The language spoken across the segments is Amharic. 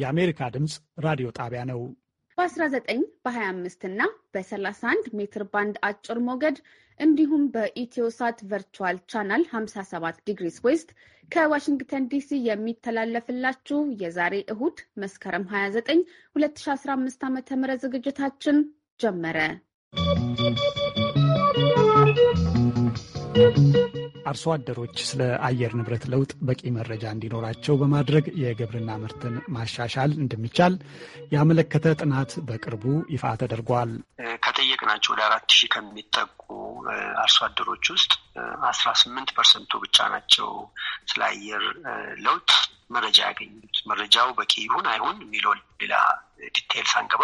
የአሜሪካ ድምፅ ራዲዮ ጣቢያ ነው። በ19 በ25 እና በ31 ሜትር ባንድ አጭር ሞገድ እንዲሁም በኢትዮሳት ቨርቹዋል ቻናል 57 ዲግሪስ ዌስት ከዋሽንግተን ዲሲ የሚተላለፍላችሁ የዛሬ እሁድ መስከረም 29 2015 ዓ ም ዝግጅታችን ጀመረ። አርሶ አደሮች ስለ አየር ንብረት ለውጥ በቂ መረጃ እንዲኖራቸው በማድረግ የግብርና ምርትን ማሻሻል እንደሚቻል ያመለከተ ጥናት በቅርቡ ይፋ ተደርጓል። ከጠየቅናቸው ወደ አራት ሺህ ከሚጠጉ አርሶ አደሮች ውስጥ አስራ ስምንት ፐርሰንቱ ብቻ ናቸው ስለ አየር ለውጥ መረጃ ያገኙት። መረጃው በቂ ይሁን አይሁን የሚለውን ሌላ ዲቴይል ሳንገባ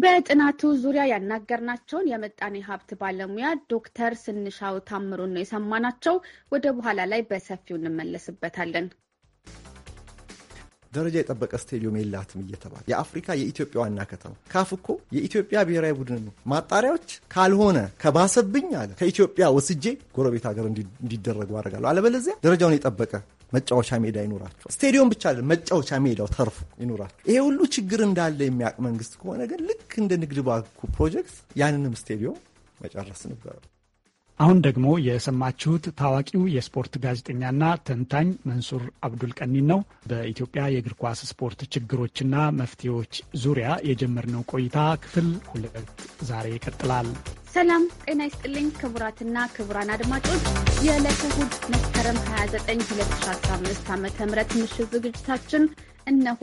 በጥናቱ ዙሪያ ያናገርናቸውን የምጣኔ ሀብት ባለሙያ ዶክተር ስንሻው ታምሩን ነው የሰማናቸው። ወደ በኋላ ላይ በሰፊው እንመለስበታለን። ደረጃ የጠበቀ ስቴዲየም የላትም እየተባለ የአፍሪካ የኢትዮጵያ ዋና ከተማ ካፍ እኮ የኢትዮጵያ ብሔራዊ ቡድን ነው። ማጣሪያዎች ካልሆነ ከባሰብኝ አለ ከኢትዮጵያ ወስጄ ጎረቤት ሀገር እንዲደረጉ አደርጋለሁ። አለበለዚያ ደረጃውን የጠበቀ መጫወቻ ሜዳ ይኖራቸው፣ ስቴዲየም ብቻ አይደለም መጫወቻ ሜዳው ተርፎ ይኖራቸው። ይሄ ሁሉ ችግር እንዳለ የሚያውቅ መንግስት ከሆነ ግን ልክ እንደ ንግድ ባንኩ ፕሮጀክት ያንንም ስቴዲየም መጨረስ ነበረ። አሁን ደግሞ የሰማችሁት ታዋቂው የስፖርት ጋዜጠኛና ተንታኝ መንሱር አብዱል ነው። በኢትዮጵያ የእግር ኳስ ስፖርት ችግሮችና መፍትሄዎች ዙሪያ የጀመርነው ቆይታ ክፍል ሁለት ዛሬ ይቀጥላል። ሰላም ጤና ይስጥልኝ ክቡራትና ክቡራን አድማጮች የዕለተ እሑድ መስከረም 29 2015 ዓ ም ምሽት ዝግጅታችን እነሆ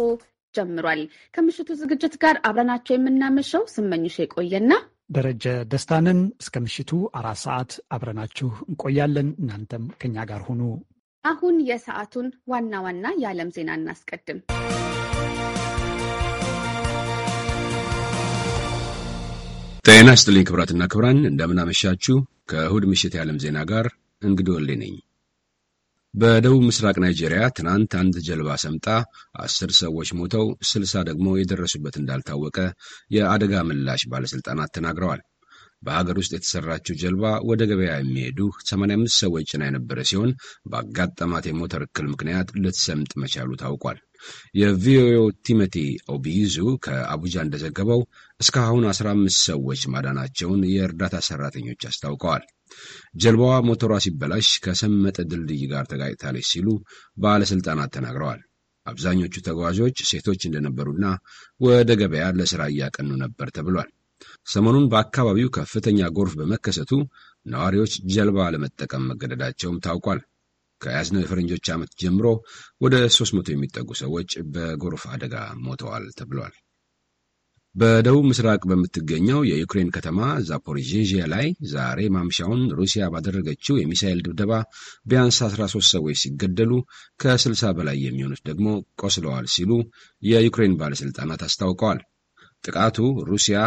ጀምሯል። ከምሽቱ ዝግጅት ጋር አብረናቸው የምናመሸው ስመኝሽ የቆየና ደረጀ ደስታንን እስከ ምሽቱ አራት ሰዓት አብረናችሁ እንቆያለን። እናንተም ከኛ ጋር ሁኑ። አሁን የሰዓቱን ዋና ዋና የዓለም ዜና እናስቀድም። ጤና ይስጥልኝ ክብራትና ክብራን፣ እንደምናመሻችሁ። ከእሁድ ምሽት የዓለም ዜና ጋር እንግዲህ ወሌ ነኝ። በደቡብ ምስራቅ ናይጄሪያ ትናንት አንድ ጀልባ ሰምጣ አስር ሰዎች ሞተው ስልሳ ደግሞ የደረሱበት እንዳልታወቀ የአደጋ ምላሽ ባለሥልጣናት ተናግረዋል። በሀገር ውስጥ የተሰራችው ጀልባ ወደ ገበያ የሚሄዱ 85 ሰዎች ጭና የነበረ ሲሆን በአጋጠማት የሞተር እክል ምክንያት ልትሰምጥ መቻሉ ታውቋል። የቪኦኤው ቲሞቲ ኦቢይዙ ከአቡጃ እንደዘገበው እስካሁን 15 ሰዎች ማዳናቸውን የእርዳታ ሰራተኞች አስታውቀዋል። ጀልባዋ ሞተሯ ሲበላሽ ከሰመጠ ድልድይ ጋር ተጋጭታለች ሲሉ ባለሥልጣናት ተናግረዋል። አብዛኞቹ ተጓዦች ሴቶች እንደነበሩና ወደ ገበያ ለሥራ እያቀኑ ነበር ተብሏል። ሰሞኑን በአካባቢው ከፍተኛ ጎርፍ በመከሰቱ ነዋሪዎች ጀልባ ለመጠቀም መገደዳቸውም ታውቋል። ከያዝነው የፈረንጆች ዓመት ጀምሮ ወደ 300 የሚጠጉ ሰዎች በጎርፍ አደጋ ሞተዋል ተብሏል። በደቡብ ምስራቅ በምትገኘው የዩክሬን ከተማ ዛፖሪዥያ ላይ ዛሬ ማምሻውን ሩሲያ ባደረገችው የሚሳኤል ድብደባ ቢያንስ 13 ሰዎች ሲገደሉ ከ60 በላይ የሚሆኑት ደግሞ ቆስለዋል ሲሉ የዩክሬን ባለሥልጣናት አስታውቀዋል። ጥቃቱ ሩሲያ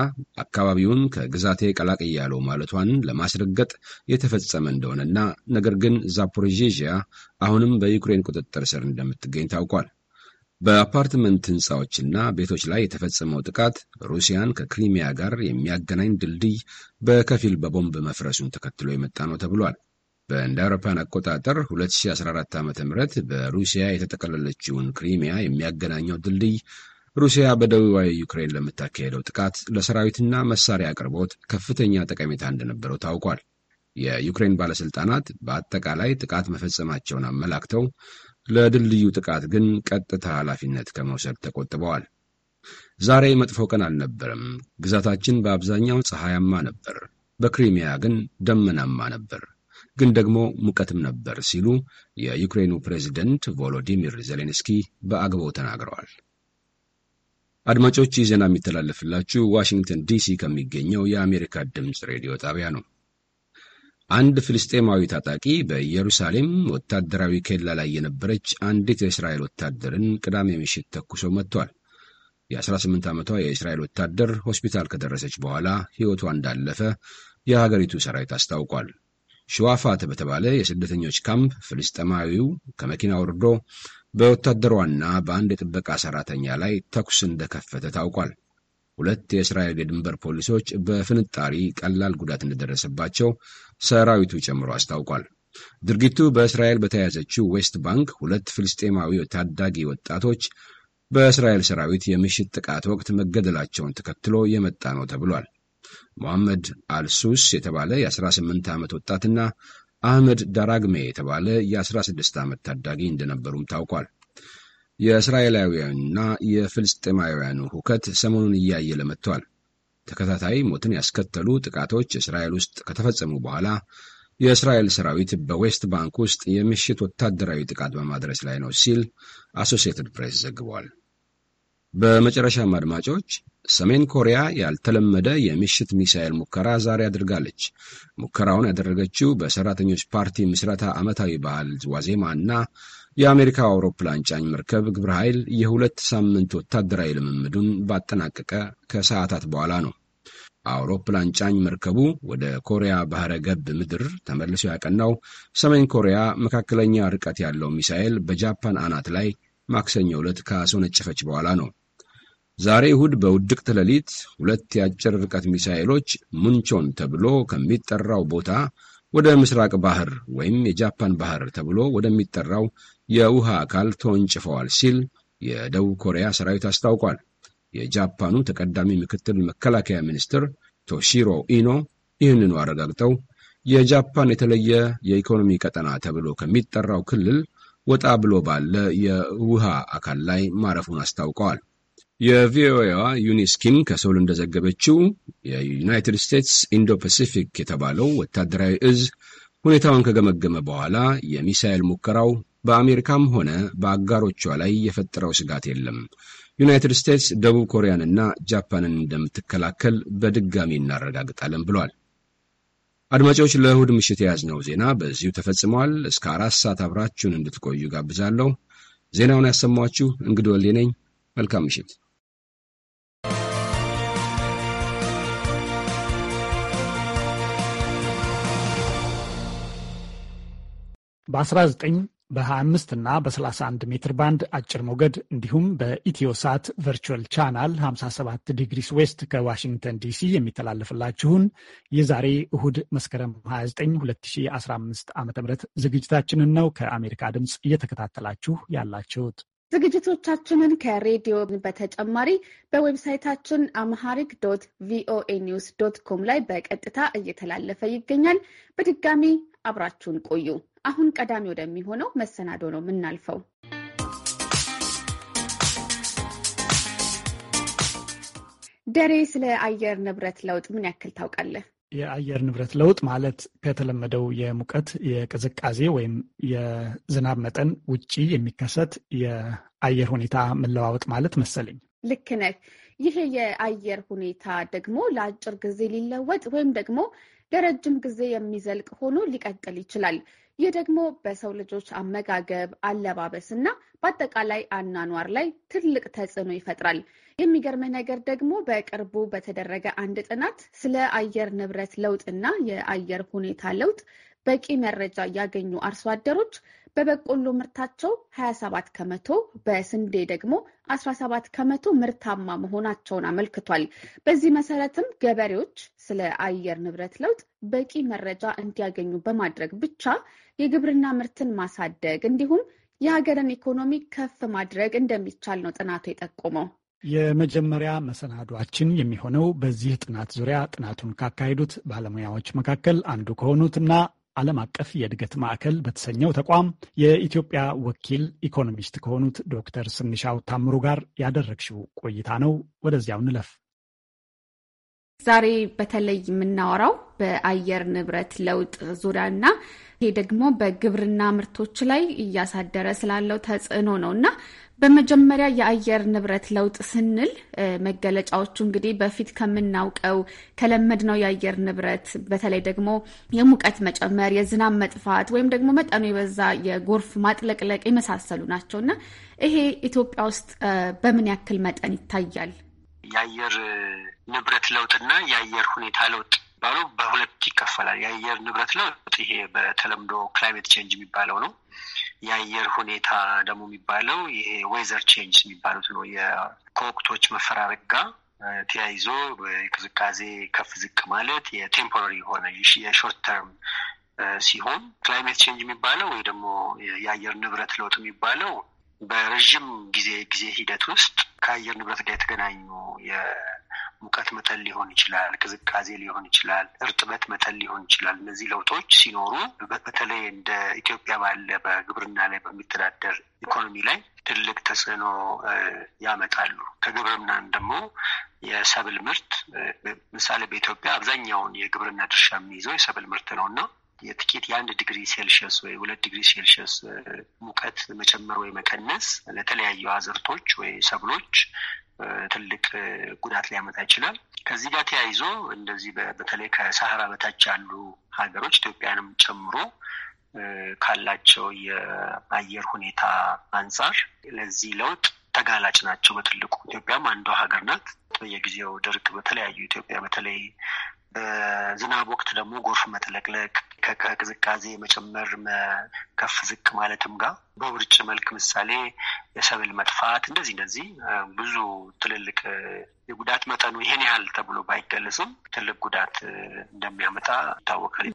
አካባቢውን ከግዛቴ እያለው ማለቷን ለማስረገጥ የተፈጸመ እንደሆነና ነገር ግን ዛፖሪዥያ አሁንም በዩክሬን ቁጥጥር ስር እንደምትገኝ ታውቋል። በአፓርትመንት ህንፃዎችና ቤቶች ላይ የተፈጸመው ጥቃት ሩሲያን ከክሪሚያ ጋር የሚያገናኝ ድልድይ በከፊል በቦምብ መፍረሱን ተከትሎ የመጣ ነው ተብሏል። በእንደ አውሮፓን አቆጣጠር 2014 ዓ ም በሩሲያ የተጠቀለለችውን ክሪሚያ የሚያገናኘው ድልድይ ሩሲያ በደቡባዊ ዩክሬን ለምታካሄደው ጥቃት ለሰራዊትና መሳሪያ አቅርቦት ከፍተኛ ጠቀሜታ እንደነበረው ታውቋል። የዩክሬን ባለሥልጣናት በአጠቃላይ ጥቃት መፈጸማቸውን አመላክተው ለድልድዩ ጥቃት ግን ቀጥታ ኃላፊነት ከመውሰድ ተቆጥበዋል። ዛሬ መጥፎ ቀን አልነበረም። ግዛታችን በአብዛኛው ፀሐያማ ነበር፣ በክሪሚያ ግን ደመናማ ነበር፣ ግን ደግሞ ሙቀትም ነበር ሲሉ የዩክሬኑ ፕሬዚደንት ቮሎዲሚር ዜሌንስኪ በአግባው ተናግረዋል። አድማጮች ይህ ዜና የሚተላለፍላችሁ ዋሽንግተን ዲሲ ከሚገኘው የአሜሪካ ድምፅ ሬዲዮ ጣቢያ ነው። አንድ ፍልስጤማዊ ታጣቂ በኢየሩሳሌም ወታደራዊ ኬላ ላይ የነበረች አንዲት የእስራኤል ወታደርን ቅዳሜ ምሽት ተኩሶ መጥቷል። የ18 ዓመቷ የእስራኤል ወታደር ሆስፒታል ከደረሰች በኋላ ሕይወቷ እንዳለፈ የሀገሪቱ ሰራዊት አስታውቋል። ሸዋፋት በተባለ የስደተኞች ካምፕ ፍልስጤማዊው ከመኪና ወርዶ በወታደሯና በአንድ የጥበቃ ሰራተኛ ላይ ተኩስ እንደከፈተ ታውቋል። ሁለት የእስራኤል የድንበር ፖሊሶች በፍንጣሪ ቀላል ጉዳት እንደደረሰባቸው ሰራዊቱ ጨምሮ አስታውቋል። ድርጊቱ በእስራኤል በተያዘችው ዌስት ባንክ ሁለት ፍልስጤማዊ ታዳጊ ወጣቶች በእስራኤል ሰራዊት የምሽት ጥቃት ወቅት መገደላቸውን ተከትሎ የመጣ ነው ተብሏል። ሞሐመድ አልሱስ የተባለ የ18 ዓመት ወጣትና አህመድ ዳራግሜ የተባለ የ16 ዓመት ታዳጊ እንደነበሩም ታውቋል። የእስራኤላውያንና የፍልስጤማውያኑ ሁከት ሰሞኑን እያየለ መጥቷል። ተከታታይ ሞትን ያስከተሉ ጥቃቶች እስራኤል ውስጥ ከተፈጸሙ በኋላ የእስራኤል ሰራዊት በዌስት ባንክ ውስጥ የምሽት ወታደራዊ ጥቃት በማድረስ ላይ ነው ሲል አሶሲየትድ ፕሬስ ዘግቧል። በመጨረሻም አድማጮች፣ ሰሜን ኮሪያ ያልተለመደ የምሽት ሚሳኤል ሙከራ ዛሬ አድርጋለች። ሙከራውን ያደረገችው በሰራተኞች ፓርቲ ምስረታ ዓመታዊ በዓል ዋዜማ እና የአሜሪካ አውሮፕላን ጫኝ መርከብ ግብረ ኃይል የሁለት ሳምንት ወታደራዊ ልምምዱን ባጠናቀቀ ከሰዓታት በኋላ ነው። አውሮፕላን ጫኝ መርከቡ ወደ ኮሪያ ባህረ ገብ ምድር ተመልሶ ያቀናው ሰሜን ኮሪያ መካከለኛ ርቀት ያለው ሚሳኤል በጃፓን አናት ላይ ማክሰኞ ዕለት ካስወነጨፈች በኋላ ነው። ዛሬ እሁድ በውድቅት ሌሊት ሁለት የአጭር ርቀት ሚሳኤሎች ሙንቾን ተብሎ ከሚጠራው ቦታ ወደ ምስራቅ ባህር ወይም የጃፓን ባህር ተብሎ ወደሚጠራው የውሃ አካል ተወንጭፈዋል ሲል የደቡብ ኮሪያ ሰራዊት አስታውቋል። የጃፓኑ ተቀዳሚ ምክትል መከላከያ ሚኒስትር ቶሺሮ ኢኖ ይህንኑ አረጋግጠው የጃፓን የተለየ የኢኮኖሚ ቀጠና ተብሎ ከሚጠራው ክልል ወጣ ብሎ ባለ የውሃ አካል ላይ ማረፉን አስታውቀዋል። የቪኦኤዋ ዩኒስ ኪም ከሰውል እንደዘገበችው የዩናይትድ ስቴትስ ኢንዶ ፓሲፊክ የተባለው ወታደራዊ እዝ ሁኔታውን ከገመገመ በኋላ የሚሳኤል ሙከራው በአሜሪካም ሆነ በአጋሮቿ ላይ የፈጠረው ስጋት የለም፣ ዩናይትድ ስቴትስ ደቡብ ኮሪያንና ጃፓንን እንደምትከላከል በድጋሚ እናረጋግጣለን ብሏል። አድማጮች፣ ለእሁድ ምሽት የያዝነው ዜና በዚሁ ተፈጽመዋል። እስከ አራት ሰዓት አብራችሁን እንድትቆዩ ጋብዛለሁ። ዜናውን ያሰማችሁ እንግዲህ ወልዴ ነኝ። መልካም ምሽት። በ19 በ25 እና በ31 ሜትር ባንድ አጭር ሞገድ እንዲሁም በኢትዮሳት ቨርቹዋል ቻናል 57 ዲግሪስ ዌስት ከዋሽንግተን ዲሲ የሚተላለፍላችሁን የዛሬ እሁድ መስከረም 29 2015 ዓ ም ዝግጅታችንን ነው ከአሜሪካ ድምፅ እየተከታተላችሁ ያላችሁት። ዝግጅቶቻችንን ከሬዲዮ በተጨማሪ በዌብሳይታችን አምሃሪክ ዶት ቪኦኤ ኒውስ ዶት ኮም ላይ በቀጥታ እየተላለፈ ይገኛል። በድጋሚ አብራችሁን ቆዩ። አሁን ቀዳሚ ወደሚሆነው መሰናዶ ነው የምናልፈው። ደሬ ስለ አየር ንብረት ለውጥ ምን ያክል ታውቃለህ? የአየር ንብረት ለውጥ ማለት ከተለመደው የሙቀት የቅዝቃዜ ወይም የዝናብ መጠን ውጪ የሚከሰት የአየር ሁኔታ መለዋወጥ ማለት መሰለኝ። ልክ ነህ። ይሄ የአየር ሁኔታ ደግሞ ለአጭር ጊዜ ሊለወጥ ወይም ደግሞ ለረጅም ጊዜ የሚዘልቅ ሆኖ ሊቀጥል ይችላል። ይህ ደግሞ በሰው ልጆች አመጋገብ፣ አለባበስ እና በአጠቃላይ አናኗር ላይ ትልቅ ተጽዕኖ ይፈጥራል። የሚገርምህ ነገር ደግሞ በቅርቡ በተደረገ አንድ ጥናት ስለ አየር ንብረት ለውጥ እና የአየር ሁኔታ ለውጥ በቂ መረጃ ያገኙ አርሶ አደሮች በበቆሎ ምርታቸው 27 ከመቶ በስንዴ ደግሞ 17 ከመቶ ምርታማ መሆናቸውን አመልክቷል። በዚህ መሰረትም ገበሬዎች ስለ አየር ንብረት ለውጥ በቂ መረጃ እንዲያገኙ በማድረግ ብቻ የግብርና ምርትን ማሳደግ እንዲሁም የሀገርን ኢኮኖሚ ከፍ ማድረግ እንደሚቻል ነው ጥናቱ የጠቆመው። የመጀመሪያ መሰናዷችን የሚሆነው በዚህ ጥናት ዙሪያ ጥናቱን ካካሄዱት ባለሙያዎች መካከል አንዱ ከሆኑት እና ዓለም አቀፍ የእድገት ማዕከል በተሰኘው ተቋም የኢትዮጵያ ወኪል ኢኮኖሚስት ከሆኑት ዶክተር ስንሻው ታምሩ ጋር ያደረግሽው ቆይታ ነው። ወደዚያው ንለፍ። ዛሬ በተለይ የምናወራው በአየር ንብረት ለውጥ ዙሪያ እና ይሄ ደግሞ በግብርና ምርቶች ላይ እያሳደረ ስላለው ተጽዕኖ ነው እና በመጀመሪያ የአየር ንብረት ለውጥ ስንል መገለጫዎቹ እንግዲህ በፊት ከምናውቀው ነው የአየር ንብረት በተለይ ደግሞ የሙቀት መጨመር፣ የዝናብ መጥፋት ወይም ደግሞ መጠኑ የበዛ የጎርፍ ማጥለቅለቅ የመሳሰሉ ናቸው እና ይሄ ኢትዮጵያ ውስጥ በምን ያክል መጠን ይታያል? የአየር ንብረት ለውጥና የአየር ሁኔታ ለውጥ ባሉ በሁለት ይከፈላል። የአየር ንብረት ለውጥ ይሄ በተለምዶ ክላይሜት ቼንጅ የሚባለው ነው። የአየር ሁኔታ ደግሞ የሚባለው ይሄ ዌዘር ቼንጅ የሚባሉት ነው። ከወቅቶች መፈራረቅ ጋር ተያይዞ ቅዝቃዜ ከፍ ዝቅ ማለት የቴምፖራሪ የሆነ የሾርት ተርም ሲሆን ክላይሜት ቼንጅ የሚባለው ወይ ደግሞ የአየር ንብረት ለውጥ የሚባለው በረዥም ጊዜ ጊዜ ሂደት ውስጥ ከአየር ንብረት ጋር የተገናኙ ሙቀት መጠን ሊሆን ይችላል፣ ቅዝቃዜ ሊሆን ይችላል፣ እርጥበት መጠን ሊሆን ይችላል። እነዚህ ለውጦች ሲኖሩ በተለይ እንደ ኢትዮጵያ ባለ በግብርና ላይ በሚተዳደር ኢኮኖሚ ላይ ትልቅ ተጽዕኖ ያመጣሉ። ከግብርናን ደግሞ የሰብል ምርት ምሳሌ በኢትዮጵያ አብዛኛውን የግብርና ድርሻ የሚይዘው የሰብል ምርት ነው እና የጥቂት የአንድ ዲግሪ ሴልሽስ ወይ ሁለት ዲግሪ ሴልሽስ ሙቀት መጨመር ወይ መቀነስ ለተለያዩ አዝርቶች ወይ ሰብሎች ትልቅ ጉዳት ሊያመጣ ይችላል። ከዚህ ጋር ተያይዞ እንደዚህ በተለይ ከሳህራ በታች ያሉ ሀገሮች ኢትዮጵያንም ጨምሮ ካላቸው የአየር ሁኔታ አንጻር ለዚህ ለውጥ ተጋላጭ ናቸው በትልቁ። ኢትዮጵያም አንዷ ሀገር ናት። በየጊዜው ድርቅ በተለያዩ ኢትዮጵያ በተለይ በዝናብ ወቅት ደግሞ ጎርፍ መጥለቅለቅ ከቅዝቃዜ መጨመር ከፍ ዝቅ ማለትም ጋር በውርጭ መልክ ምሳሌ የሰብል መጥፋት እንደዚህ እንደዚህ ብዙ ትልልቅ የጉዳት መጠኑ ይሄን ያህል ተብሎ ባይገለጽም ትልቅ ጉዳት እንደሚያመጣ ይታወቃል።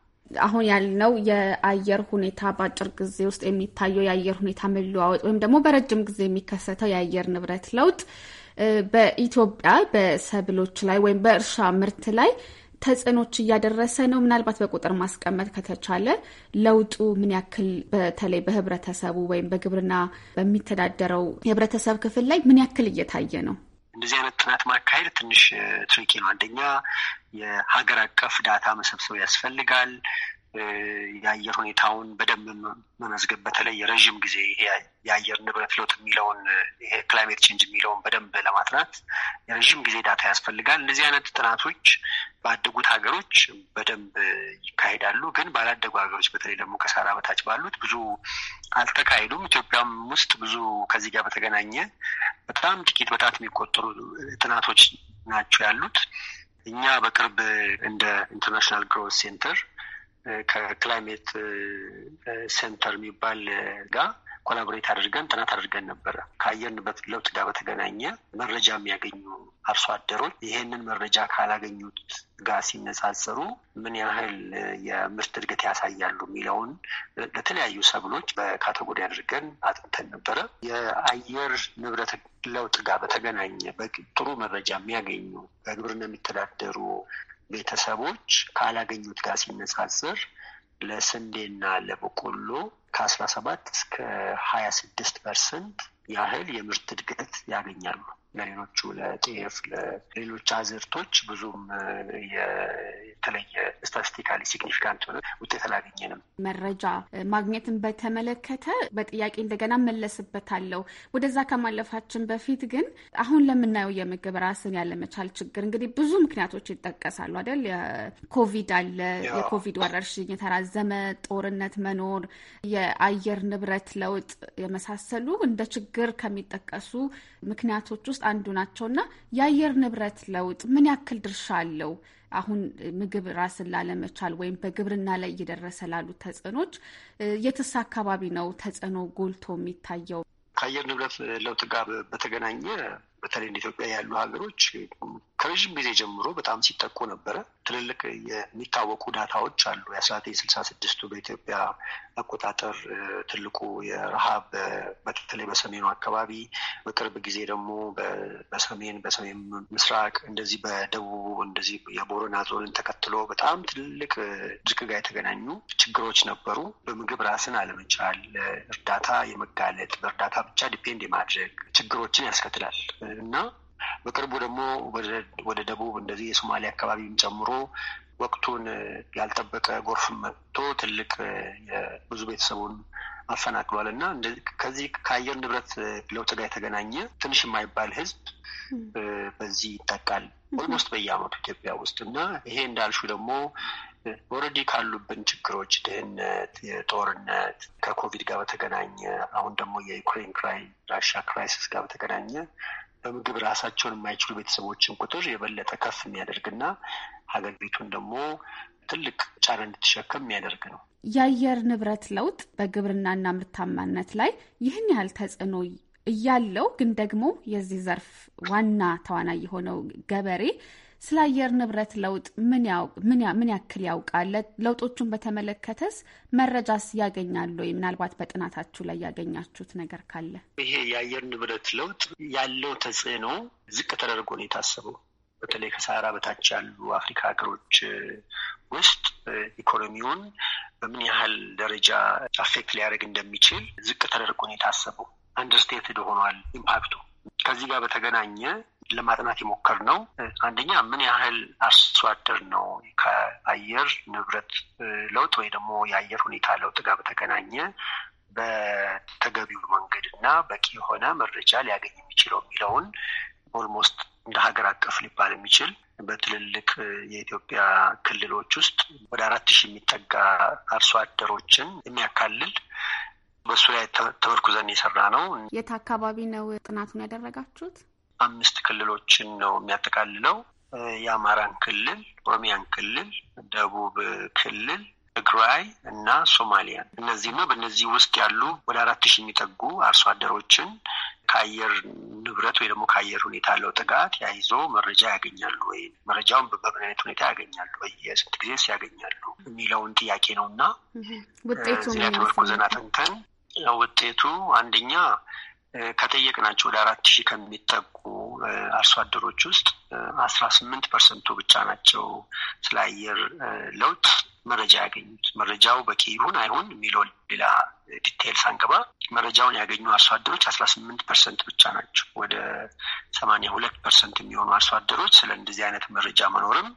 አሁን ያልነው የአየር ሁኔታ በአጭር ጊዜ ውስጥ የሚታየው የአየር ሁኔታ መለዋወጥ ወይም ደግሞ በረጅም ጊዜ የሚከሰተው የአየር ንብረት ለውጥ በኢትዮጵያ በሰብሎች ላይ ወይም በእርሻ ምርት ላይ ተጽዕኖች እያደረሰ ነው? ምናልባት በቁጥር ማስቀመጥ ከተቻለ ለውጡ ምን ያክል በተለይ በህብረተሰቡ ወይም በግብርና በሚተዳደረው የህብረተሰብ ክፍል ላይ ምን ያክል እየታየ ነው? እንደዚህ አይነት ጥናት ማካሄድ ትንሽ ትሪኪ ነው። አንደኛ የሀገር አቀፍ ዳታ መሰብሰብ ያስፈልጋል። የአየር ሁኔታውን በደንብ መመዝገብ በተለይ የረዥም ጊዜ የአየር ንብረት ለውጥ የሚለውን ይሄ ክላይሜት ቼንጅ የሚለውን በደንብ ለማጥናት የረዥም ጊዜ ዳታ ያስፈልጋል። እነዚህ አይነት ጥናቶች ባደጉት ሀገሮች በደንብ ይካሄዳሉ፣ ግን ባላደጉ ሀገሮች በተለይ ደግሞ ከሰሃራ በታች ባሉት ብዙ አልተካሄዱም። ኢትዮጵያም ውስጥ ብዙ ከዚህ ጋር በተገናኘ በጣም ጥቂት በጣት የሚቆጠሩ ጥናቶች ናቸው ያሉት። እኛ በቅርብ እንደ ኢንተርናሽናል ግሮት ሴንተር ከክላይሜት ሴንተር የሚባል ጋር ኮላቦሬት አድርገን ጥናት አድርገን ነበረ። ከአየር ንብረት ለውጥ ጋር በተገናኘ መረጃ የሚያገኙ አርሶ አደሮች ይሄንን መረጃ ካላገኙት ጋር ሲነጻጸሩ ምን ያህል የምርት እድገት ያሳያሉ የሚለውን ለተለያዩ ሰብሎች በካቴጎሪ አድርገን አጥንተን ነበረ። የአየር ንብረት ለውጥ ጋር በተገናኘ በጥሩ መረጃ የሚያገኙ በግብርና የሚተዳደሩ ቤተሰቦች ካላገኙት ጋር ሲነጻጽር ለስንዴና ለበቆሎ ከአስራ ሰባት እስከ ሀያ ስድስት ፐርሰንት ያህል የምርት እድገት ያገኛሉ። ለሌሎቹ ለጤፍ ለሌሎች አዝርቶች ብዙም የተለየ ስታቲስቲካሊ ሲግኒፊካንት ሆነ ውጤት አላገኘንም። መረጃ ማግኘትን በተመለከተ በጥያቄ እንደገና መለስበታለሁ። ወደዛ ከማለፋችን በፊት ግን አሁን ለምናየው የምግብ ራስን ያለመቻል ችግር እንግዲህ ብዙ ምክንያቶች ይጠቀሳሉ አይደል? የኮቪድ አለ፣ የኮቪድ ወረርሽኝ፣ የተራዘመ ጦርነት መኖር፣ የአየር ንብረት ለውጥ የመሳሰሉ እንደ ችግር ከሚጠቀሱ ምክንያቶች ውስጥ አንዱ ናቸውና የአየር ንብረት ለውጥ ምን ያክል ድርሻ አለው? አሁን ምግብ ራስን ላለመቻል ወይም በግብርና ላይ እየደረሰ ላሉ ተጽዕኖች የትስ አካባቢ ነው ተጽዕኖ ጎልቶ የሚታየው? ከአየር ንብረት ለውጥ ጋር በተገናኘ በተለይ እንደ ኢትዮጵያ ያሉ ሀገሮች ከረዥም ጊዜ ጀምሮ በጣም ሲጠቁ ነበረ። ትልልቅ የሚታወቁ ዳታዎች አሉ። የአስራ ዘጠኝ ስልሳ ስድስቱ በኢትዮጵያ አቆጣጠር ትልቁ የረሃብ በተለይ በሰሜኑ አካባቢ፣ በቅርብ ጊዜ ደግሞ በሰሜን በሰሜን ምስራቅ እንደዚህ በደቡቡ እንደዚህ የቦረና ዞንን ተከትሎ በጣም ትልልቅ ድርቅ ጋር የተገናኙ ችግሮች ነበሩ። በምግብ ራስን አለመቻል፣ እርዳታ የመጋለጥ በእርዳታ ብቻ ዲፔንድ የማድረግ ችግሮችን ያስከትላል እና በቅርቡ ደግሞ ወደ ደቡብ እንደዚህ የሶማሌ አካባቢም ጨምሮ ወቅቱን ያልጠበቀ ጎርፍ መጥቶ ትልቅ ብዙ ቤተሰቡን አፈናቅሏል እና ከዚህ ከአየር ንብረት ለውጥ ጋር የተገናኘ ትንሽ የማይባል ህዝብ በዚህ ይጠቃል ኦልሞስት በየአመቱ ኢትዮጵያ ውስጥ እና ይሄ እንዳልሹ ደግሞ ኦረዲ ካሉብን ችግሮች ድህነት፣ የጦርነት ከኮቪድ ጋር በተገናኘ አሁን ደግሞ የዩክሬን ራሽያ ክራይሲስ ጋር በተገናኘ በምግብ ራሳቸውን የማይችሉ ቤተሰቦችን ቁጥር የበለጠ ከፍ የሚያደርግና ሀገሪቱን ደግሞ ትልቅ ጫና እንድትሸከም የሚያደርግ ነው። የአየር ንብረት ለውጥ በግብርናና ምርታማነት ላይ ይህን ያህል ተጽዕኖ እያለው ግን ደግሞ የዚህ ዘርፍ ዋና ተዋናይ የሆነው ገበሬ ስለ አየር ንብረት ለውጥ ምን ያክል ያውቃል? ለውጦቹን በተመለከተስ መረጃስ ያገኛሉ? ምናልባት በጥናታችሁ ላይ ያገኛችሁት ነገር ካለ። ይሄ የአየር ንብረት ለውጥ ያለው ተጽዕኖ ዝቅ ተደርጎ ነው የታሰበው። በተለይ ከሰሃራ በታች ያሉ አፍሪካ ሀገሮች ውስጥ ኢኮኖሚውን በምን ያህል ደረጃ አፌክት ሊያደርግ እንደሚችል ዝቅ ተደርጎ ነው የታሰበው። አንደርስቴትድ ሆኗል ኢምፓክቱ። ከዚህ ጋር በተገናኘ ለማጥናት የሞከር ነው። አንደኛ ምን ያህል አርሶ አደር ነው ከአየር ንብረት ለውጥ ወይ ደግሞ የአየር ሁኔታ ለውጥ ጋር በተገናኘ በተገቢው መንገድ እና በቂ የሆነ መረጃ ሊያገኝ የሚችለው የሚለውን ኦልሞስት እንደ ሀገር አቀፍ ሊባል የሚችል በትልልቅ የኢትዮጵያ ክልሎች ውስጥ ወደ አራት ሺህ የሚጠጋ አርሶ አደሮችን የሚያካልል በሱ ላይ ተመርኩዘን የሰራ ነው። የት አካባቢ ነው ጥናቱን ያደረጋችሁት? አምስት ክልሎችን ነው የሚያጠቃልለው። የአማራን ክልል፣ ኦሮሚያን ክልል፣ ደቡብ ክልል ትግራይ እና ሶማሊያ እነዚህ ነው። በእነዚህ ውስጥ ያሉ ወደ አራት ሺህ የሚጠጉ አርሶ አደሮችን ከአየር ንብረት ወይ ደግሞ ከአየር ሁኔታ ለውጥ ጋር ተያይዞ መረጃ ያገኛሉ ወይ፣ መረጃውን በምን አይነት ሁኔታ ያገኛሉ ወይ፣ የስንት ጊዜ ያገኛሉ የሚለውን ጥያቄ ነው እና ውጤቱ ተመርኩዘን አጥንተን ውጤቱ አንደኛ ከጠየቅናቸው ወደ አራት ሺህ ከሚጠጉ አርሶ አደሮች ውስጥ አስራ ስምንት ፐርሰንቱ ብቻ ናቸው ስለ አየር ለውጥ መረጃ ያገኙት። መረጃው በቂ ይሁን አይሁን የሚለው ሌላ ዲቴይል ሳንገባ መረጃውን ያገኙ አርሶ አደሮች አስራ ስምንት ፐርሰንት ብቻ ናቸው። ወደ ሰማንያ ሁለት ፐርሰንት የሚሆኑ አርሶ አደሮች ስለ እንደዚህ አይነት መረጃ መኖርም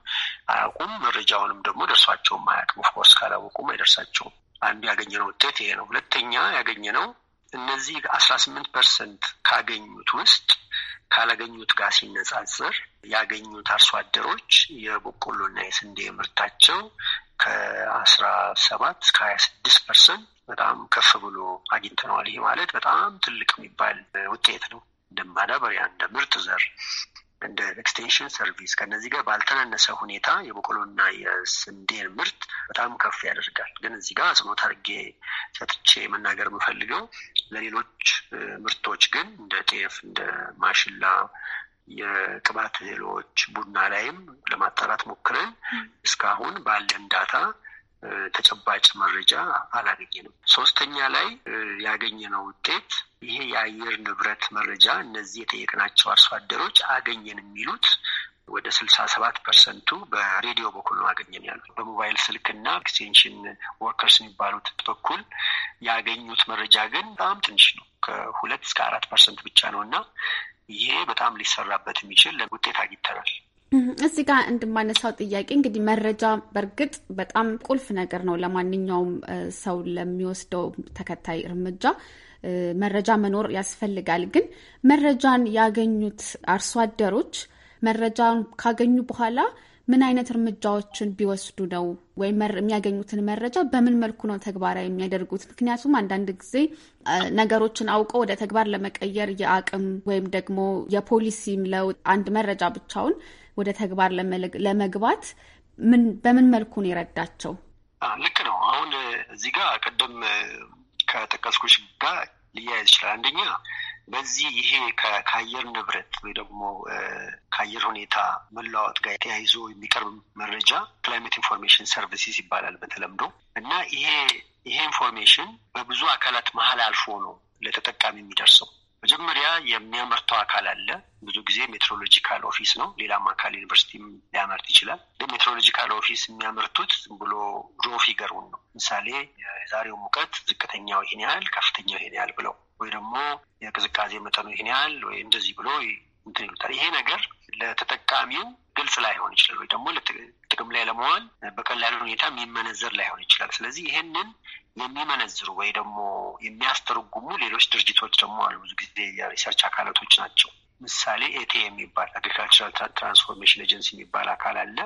አያውቁም። መረጃውንም ደግሞ ደርሷቸውም አያውቅም። ኦፍኮርስ ካላወቁም አይደርሳቸውም። አንዱ ያገኘነው ውጤት ይሄ ነው። ሁለተኛ ያገኘነው እነዚህ አስራ ስምንት ፐርሰንት ካገኙት ውስጥ ካላገኙት ጋር ሲነጻጽር ያገኙት አርሶ አደሮች የበቆሎና የስንዴ ምርታቸው ከአስራ ሰባት እስከ ሀያ ስድስት ፐርሰንት በጣም ከፍ ብሎ አግኝተነዋል። ይሄ ማለት በጣም ትልቅ የሚባል ውጤት ነው። እንደ ማዳበሪያ፣ እንደ ምርጥ ዘር እንደ ኤክስቴንሽን ሰርቪስ ከነዚህ ጋር ባልተናነሰ ሁኔታ የበቆሎና የስንዴን ምርት በጣም ከፍ ያደርጋል። ግን እዚህ ጋር አጽንኦት አድርጌ ሰጥቼ መናገር የምፈልገው ለሌሎች ምርቶች ግን እንደ ጤፍ፣ እንደ ማሽላ የቅባት እህሎች ቡና ላይም ለማጣራት ሞክረን እስካሁን ባለን ዳታ ተጨባጭ መረጃ አላገኘንም። ሶስተኛ ላይ ያገኘነው ውጤት ይሄ የአየር ንብረት መረጃ እነዚህ የጠየቅናቸው አርሶ አደሮች አገኘን የሚሉት ወደ ስልሳ ሰባት ፐርሰንቱ በሬዲዮ በኩል ነው አገኘን ያሉ። በሞባይል ስልክና ኤክስቴንሽን ወርከርስ የሚባሉት በኩል ያገኙት መረጃ ግን በጣም ትንሽ ነው። ከሁለት እስከ አራት ፐርሰንት ብቻ ነው እና ይሄ በጣም ሊሰራበት የሚችል ውጤት አግኝተናል። እዚህ ጋር እንድማነሳው ጥያቄ እንግዲህ መረጃ በእርግጥ በጣም ቁልፍ ነገር ነው። ለማንኛውም ሰው ለሚወስደው ተከታይ እርምጃ መረጃ መኖር ያስፈልጋል። ግን መረጃን ያገኙት አርሶ አደሮች መረጃን ካገኙ በኋላ ምን አይነት እርምጃዎችን ቢወስዱ ነው ወይም የሚያገኙትን መረጃ በምን መልኩ ነው ተግባራዊ የሚያደርጉት? ምክንያቱም አንዳንድ ጊዜ ነገሮችን አውቀው ወደ ተግባር ለመቀየር የአቅም ወይም ደግሞ የፖሊሲም ለውጥ አንድ መረጃ ብቻውን ወደ ተግባር ለመግባት በምን መልኩ ነው የረዳቸው? ልክ ነው። አሁን እዚህ ጋር ቅድም ከጠቀስኩሽ ጋር ሊያያዝ ይችላል። አንደኛ በዚህ ይሄ ከአየር ንብረት ወይ ደግሞ ከአየር ሁኔታ መለዋወጥ ጋር ተያይዞ የሚቀርብ መረጃ ክላይሜት ኢንፎርሜሽን ሰርቪሲስ ይባላል በተለምዶ እና ይሄ ይሄ ኢንፎርሜሽን በብዙ አካላት መሀል አልፎ ነው ለተጠቃሚ የሚደርሰው መጀመሪያ የሚያመርተው አካል አለ። ብዙ ጊዜ ሜትሮሎጂካል ኦፊስ ነው። ሌላም አካል ዩኒቨርሲቲ ሊያመርት ይችላል። ግን ሜትሮሎጂካል ኦፊስ የሚያመርቱት ዝም ብሎ ሮ ፊገሩን ነው። ምሳሌ የዛሬው ሙቀት ዝቅተኛው ይሄን ያህል፣ ከፍተኛው ይሄን ያህል ብለው ወይ ደግሞ የቅዝቃዜ መጠኑ ይሄን ያህል ወይ እንደዚህ ብሎ ይሉታል። ይሄ ነገር ለተጠቃሚው ግልጽ ላይሆን ይችላል፣ ወይ ደግሞ ጥቅም ላይ ለመዋል በቀላል ሁኔታ የሚመነዘር ላይሆን ይችላል። ስለዚህ ይሄንን የሚመነዝሩ ወይ ደግሞ የሚያስተረጉሙ ሌሎች ድርጅቶች ደግሞ አሉ። ብዙ ጊዜ የሪሰርች አካላቶች ናቸው። ምሳሌ ኤቴ የሚባል አግሪካልቸራል ትራንስፎርሜሽን ኤጀንሲ የሚባል አካል አለ።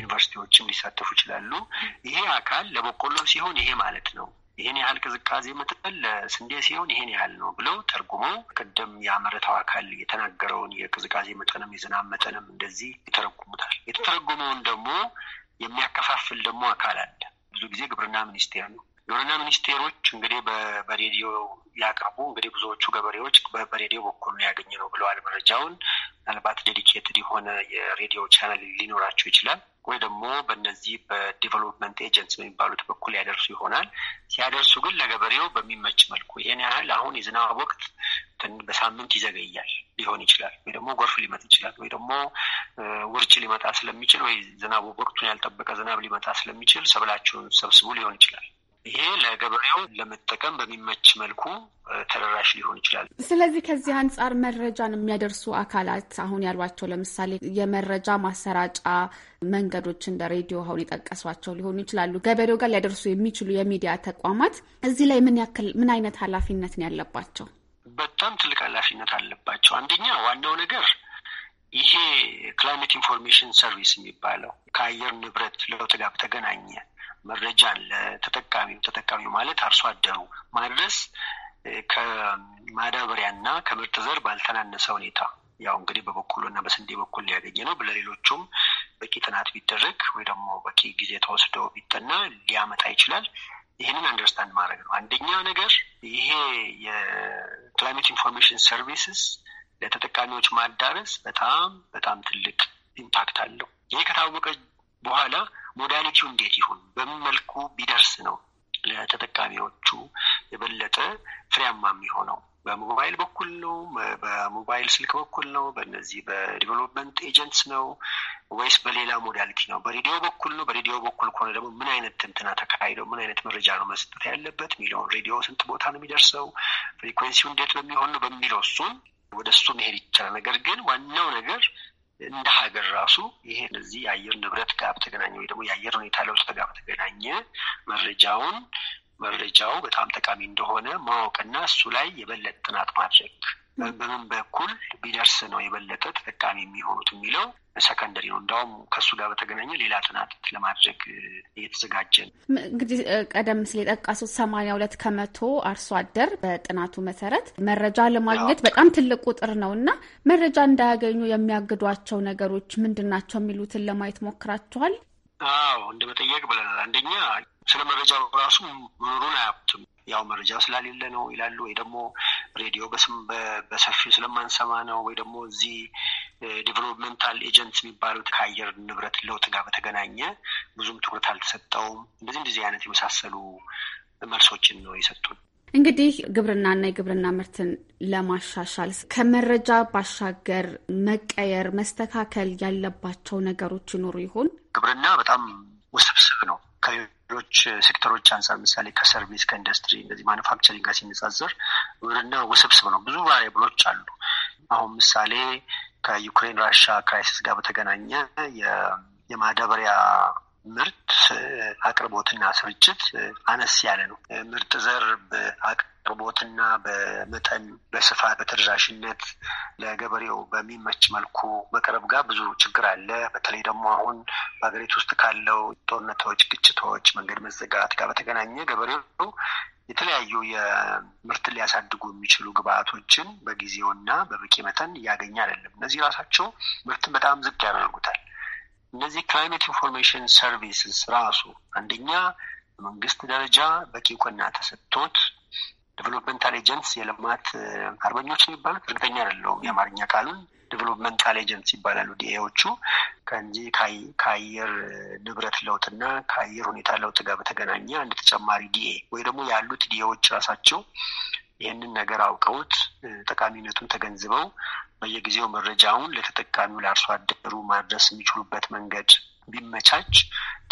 ዩኒቨርሲቲዎችም ሊሳተፉ ይችላሉ። ይሄ አካል ለበቆሎ ሲሆን ይሄ ማለት ነው ይህን ያህል ቅዝቃዜ መጠን ለስንዴ ሲሆን ይህን ያህል ነው ብለው ተርጉመው ቅድም የአመረታው አካል የተናገረውን የቅዝቃዜ መጠንም የዝናብ መጠንም እንደዚህ ይተረጉሙታል። የተተረጎመውን ደግሞ የሚያከፋፍል ደግሞ አካል አለ። ብዙ ጊዜ ግብርና ሚኒስቴር ነው። ግብርና ሚኒስቴሮች እንግዲህ በሬዲዮ ያቀርቡ እንግዲህ ብዙዎቹ ገበሬዎች በሬዲዮ በኩል ነው ያገኘ ነው ብለዋል መረጃውን። ምናልባት ዴዲኬትድ የሆነ የሬዲዮ ቻናል ሊኖራቸው ይችላል። ወይ ደግሞ በነዚህ በዲቨሎፕመንት ኤጀንት በሚባሉት በኩል ያደርሱ ይሆናል። ሲያደርሱ ግን ለገበሬው በሚመች መልኩ ይህን ያህል አሁን የዝናብ ወቅት በሳምንት ይዘገያል ሊሆን ይችላል፣ ወይ ደግሞ ጎርፍ ሊመጥ ይችላል፣ ወይ ደግሞ ውርጭ ሊመጣ ስለሚችል፣ ወይ ዝናቡ ወቅቱን ያልጠበቀ ዝናብ ሊመጣ ስለሚችል ሰብላችሁን ሰብስቡ ሊሆን ይችላል። ይሄ ለገበሬው ለመጠቀም በሚመች መልኩ ተደራሽ ሊሆን ይችላል። ስለዚህ ከዚህ አንጻር መረጃን የሚያደርሱ አካላት አሁን ያሏቸው ለምሳሌ የመረጃ ማሰራጫ መንገዶች እንደ ሬዲዮ አሁን የጠቀሷቸው ሊሆኑ ይችላሉ። ገበሬው ጋር ሊያደርሱ የሚችሉ የሚዲያ ተቋማት እዚህ ላይ ምን ያክል ምን አይነት ኃላፊነት ነው ያለባቸው? በጣም ትልቅ ኃላፊነት አለባቸው። አንደኛ ዋናው ነገር ይሄ ክላይሜት ኢንፎርሜሽን ሰርቪስ የሚባለው ከአየር ንብረት ለውጥ ጋር በተገናኘ መረጃ አለ። ተጠቃሚው ማለት አርሶ አደሩ ማድረስ ከማዳበሪያና ከምርጥ ዘር ባልተናነሰ ሁኔታ ያው እንግዲህ በበኩሉ እና በስንዴ በኩል ሊያገኘ ነው። ለሌሎቹም በቂ ጥናት ቢደረግ ወይ ደግሞ በቂ ጊዜ ተወስዶ ቢጠና ሊያመጣ ይችላል። ይህንን አንደርስታንድ ማድረግ ነው አንደኛ ነገር። ይሄ የክላይሜት ኢንፎርሜሽን ሰርቪስስ ለተጠቃሚዎች ማዳረስ በጣም በጣም ትልቅ ኢምፓክት አለው። ይሄ ከታወቀ በኋላ ሞዳሊቲው እንዴት ይሁን፣ በምን መልኩ ቢደርስ ነው ለተጠቃሚዎቹ የበለጠ ፍሬያማ የሚሆነው? በሞባይል በኩል ነው? በሞባይል ስልክ በኩል ነው? በነዚህ በዲቨሎፕመንት ኤጀንትስ ነው ወይስ በሌላ ሞዳሊቲ ነው? በሬዲዮ በኩል ነው? በሬዲዮ በኩል ከሆነ ደግሞ ምን አይነት ትንትና ተካሂደው ምን አይነት መረጃ ነው መስጠት ያለበት የሚለውን ሬዲዮ ስንት ቦታ ነው የሚደርሰው? ፍሪኩዌንሲው እንዴት በሚሆን ነው በሚለው እሱን ወደ እሱ መሄድ ይቻላል። ነገር ግን ዋናው ነገር እንደ ሀገር ራሱ ይሄ እዚህ የአየር ንብረት ጋር በተገናኘ ወይ ደግሞ የአየር ሁኔታ ለውጥ ጋር በተገናኘ መረጃውን መረጃው በጣም ጠቃሚ እንደሆነ ማወቅና እሱ ላይ የበለጠ ጥናት ማድረግ በምን በኩል ቢደርስ ነው የበለጠ ተጠቃሚ የሚሆኑት የሚለው ሰከንደሪ ነው። እንዲያውም ከእሱ ጋር በተገናኘ ሌላ ጥናት ለማድረግ እየተዘጋጀ ነው። እንግዲህ ቀደም ሲል የጠቀሱት ሰማንያ ሁለት ከመቶ አርሶ አደር በጥናቱ መሰረት መረጃ ለማግኘት በጣም ትልቅ ቁጥር ነው እና መረጃ እንዳያገኙ የሚያግዷቸው ነገሮች ምንድን ናቸው የሚሉትን ለማየት ሞክራቸዋል? አዎ እንደ መጠየቅ ብለናል። አንደኛ ስለ መረጃ ራሱ መኖሩን አያውቁትም። ያው መረጃ ስላሌለ ነው ይላሉ፣ ወይ ደግሞ ሬዲዮ በስም በሰፊው ስለማንሰማ ነው፣ ወይ ደግሞ እዚህ ዴቨሎፕመንታል ኤጀንት የሚባሉት ከአየር ንብረት ለውጥ ጋር በተገናኘ ብዙም ትኩረት አልተሰጠውም። እንደዚህ እንደዚህ አይነት የመሳሰሉ መልሶችን ነው የሰጡን። እንግዲህ ግብርናና የግብርና ምርትን ለማሻሻል ከመረጃ ባሻገር መቀየር መስተካከል ያለባቸው ነገሮች ይኖሩ ይሆን? ግብርና በጣም ውስብስብ ነው። ሌሎች ሴክተሮች አንጻር ምሳሌ ከሰርቪስ ከኢንዱስትሪ እንደዚህ ማኑፋክቸሪንግ ጋር ሲነጻጸር ግብርና ውስብስብ ነው። ብዙ ቫሪያብሎች አሉ። አሁን ምሳሌ ከዩክሬን ራሻ ክራይሲስ ጋር በተገናኘ የማዳበሪያ ምርት አቅርቦትና ስርጭት አነስ ያለ ነው። ምርጥ ዘር በአቅርቦትና በመጠን በስፋት በተደራሽነት ለገበሬው በሚመች መልኩ መቅረብ ጋር ብዙ ችግር አለ። በተለይ ደግሞ አሁን በሀገሪቱ ውስጥ ካለው ጦርነቶች፣ ግጭቶች፣ መንገድ መዘጋት ጋር በተገናኘ ገበሬው የተለያዩ የምርት ሊያሳድጉ የሚችሉ ግብአቶችን በጊዜውና በበቂ መጠን እያገኘ አይደለም። እነዚህ ራሳቸው ምርትን በጣም ዝቅ ያደርጉታል። እነዚህ ክላይሜት ኢንፎርሜሽን ሰርቪስስ ራሱ አንደኛ በመንግስት ደረጃ በቂ እውቅና ተሰጥቶት ዴቨሎፕመንታል ኤጀንትስ የልማት eh, አርበኞች የሚባሉት እርግጠኛ አይደለሁም የአማርኛ ቃሉን። ዴቨሎፕመንታል ኤጀንትስ ይባላሉ ዲኤዎቹ። ከዚህ ከአየር eh, ንብረት ለውጥና ከአየር ሁኔታ ለውጥ ጋር በተገናኘ አንድ ተጨማሪ ዲኤ ወይ ደግሞ ያሉት ዲኤዎች ራሳቸው ይህንን ነገር አውቀውት eh, ጠቃሚነቱን ተገንዝበው በየጊዜው መረጃውን ለተጠቃሚው ለአርሶ አደሩ ማድረስ የሚችሉበት መንገድ ቢመቻች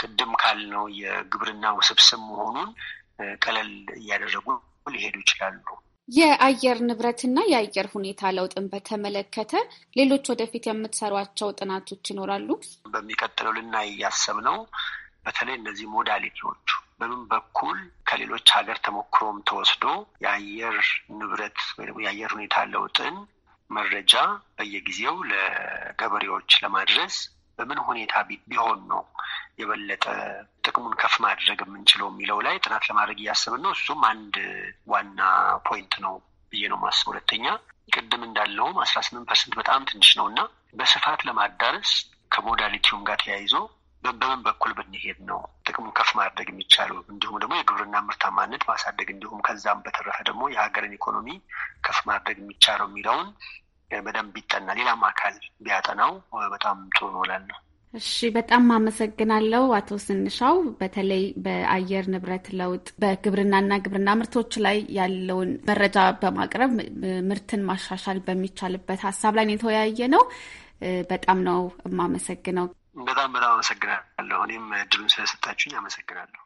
ቅድም ካልነው የግብርና ውስብስብ መሆኑን ቀለል እያደረጉ ሊሄዱ ይችላሉ። የአየር ንብረትና የአየር ሁኔታ ለውጥን በተመለከተ ሌሎች ወደፊት የምትሰሯቸው ጥናቶች ይኖራሉ? በሚቀጥለው ልናይ ያሰብነው በተለይ እነዚህ ሞዳሊቲዎቹ በምን በኩል ከሌሎች ሀገር ተሞክሮም ተወስዶ የአየር ንብረት ወይም የአየር ሁኔታ ለውጥን መረጃ በየጊዜው ለገበሬዎች ለማድረስ በምን ሁኔታ ቢሆን ነው የበለጠ ጥቅሙን ከፍ ማድረግ የምንችለው የሚለው ላይ ጥናት ለማድረግ እያሰብን ነው። እሱም አንድ ዋና ፖይንት ነው ብዬ ነው ማስብ። ሁለተኛ ቅድም እንዳለውም አስራ ስምንት ፐርሰንት በጣም ትንሽ ነው እና በስፋት ለማዳረስ ከሞዳሊቲውም ጋር ተያይዞ በምን በኩል ብንሄድ ነው ጥቅሙን ከፍ ማድረግ የሚቻለው፣ እንዲሁም ደግሞ የግብርና ምርታማነት ማሳደግ፣ እንዲሁም ከዛም በተረፈ ደግሞ የሀገርን ኢኮኖሚ ከፍ ማድረግ የሚቻለው የሚለውን በደንብ ቢጠና ሌላም አካል ቢያጠናው በጣም ጥሩ ነው እላለሁ። እሺ በጣም አመሰግናለሁ አቶ ስንሻው። በተለይ በአየር ንብረት ለውጥ በግብርናና ግብርና ምርቶች ላይ ያለውን መረጃ በማቅረብ ምርትን ማሻሻል በሚቻልበት ሀሳብ ላይ የተወያየ ነው። በጣም ነው የማመሰግነው። በጣም በጣም አመሰግናለሁ። እኔም እድሉን ስለሰጣችሁኝ አመሰግናለሁ።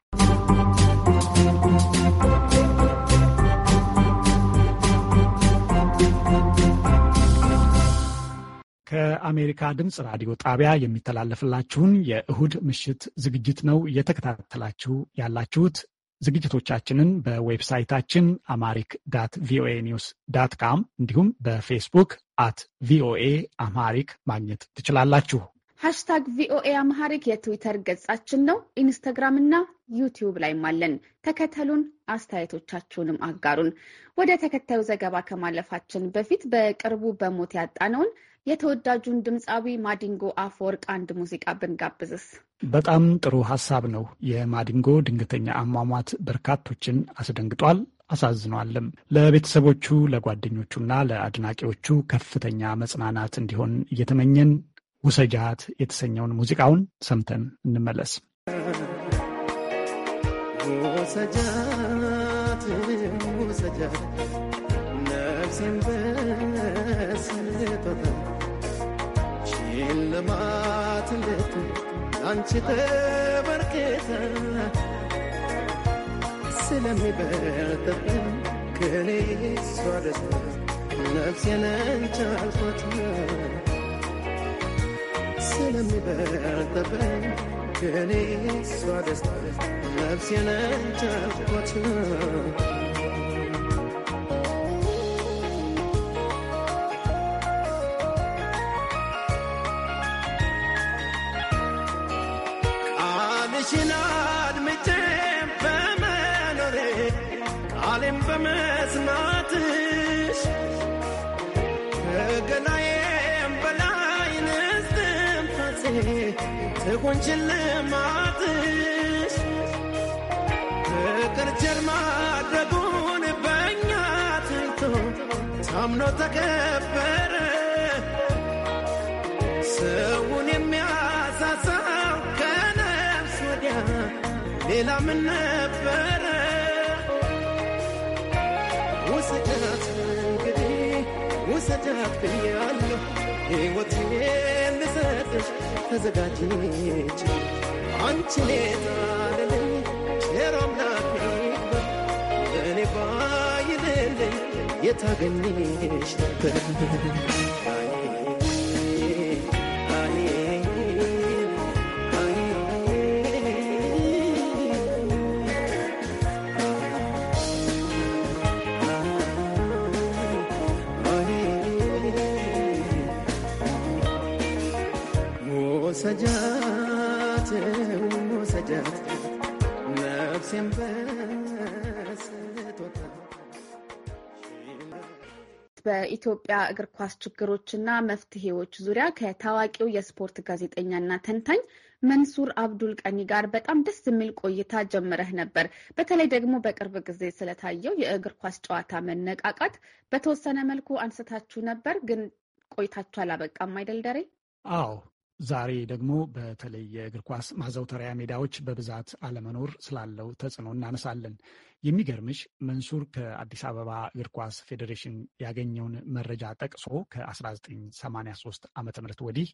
ከአሜሪካ ድምፅ ራዲዮ ጣቢያ የሚተላለፍላችሁን የእሁድ ምሽት ዝግጅት ነው እየተከታተላችሁ ያላችሁት። ዝግጅቶቻችንን በዌብሳይታችን አማሪክ ዳት ቪኦኤ ኒውስ ዳት ካም እንዲሁም በፌስቡክ አት ቪኦኤ አማሪክ ማግኘት ትችላላችሁ። ሃሽታግ ቪኦኤ አማሃሪክ የትዊተር ገጻችን ነው። ኢንስታግራም እና ዩቲዩብ ላይም አለን። ተከተሉን፣ አስተያየቶቻችሁንም አጋሩን። ወደ ተከታዩ ዘገባ ከማለፋችን በፊት በቅርቡ በሞት ያጣነውን የተወዳጁን ድምፃዊ ማዲንጎ አፈወርቅ አንድ ሙዚቃ ብንጋብዝስ? በጣም ጥሩ ሀሳብ ነው። የማዲንጎ ድንገተኛ አሟሟት በርካቶችን አስደንግጧል አሳዝኗልም። ለቤተሰቦቹ ለጓደኞቹና ለአድናቂዎቹ ከፍተኛ መጽናናት እንዲሆን እየተመኘን ውሰጃት የተሰኘውን ሙዚቃውን ሰምተን እንመለስ። ውሰጃት ውሰጃት ነፍሴን ይህን ልማት እንዴት አንቺ ተበርኬተ ስለሚበልጥብን ከኔ እሷ ነፍሴን አንቺ ስለሚበልጥብን ከኔ እሷ ነፍሴን አንቺ تكونش لما عطش تكرجر ما دقون بنياتي ታምኖ تكبر سوون የሚያሳሳው ከነፍስ ወዲያ ሌላ ምን ነበረ? ውሰጃት እንግዲህ ውሰጃት ብያለሁ ሕይወቴን ልሰጥሽ ተዘጋጀች አንቺ ኔታለልኝ ሼራምናት ይግበር እኔ ባይልልኝ የታገኝሽ ነበር በኢትዮጵያ እግር ኳስ ችግሮችና መፍትሄዎች ዙሪያ ከታዋቂው የስፖርት ጋዜጠኛና ተንታኝ መንሱር አብዱል ቀኒ ጋር በጣም ደስ የሚል ቆይታ ጀምረህ ነበር። በተለይ ደግሞ በቅርብ ጊዜ ስለታየው የእግር ኳስ ጨዋታ መነቃቃት በተወሰነ መልኩ አንስታችሁ ነበር፣ ግን ቆይታችሁ አላበቃም አይደል? ደሬ? አዎ ዛሬ ደግሞ በተለይ የእግር ኳስ ማዘውተሪያ ሜዳዎች በብዛት አለመኖር ስላለው ተጽዕኖ እናነሳለን። የሚገርምሽ መንሱር ከአዲስ አበባ እግር ኳስ ፌዴሬሽን ያገኘውን መረጃ ጠቅሶ ከ1983 ዓ ም ወዲህ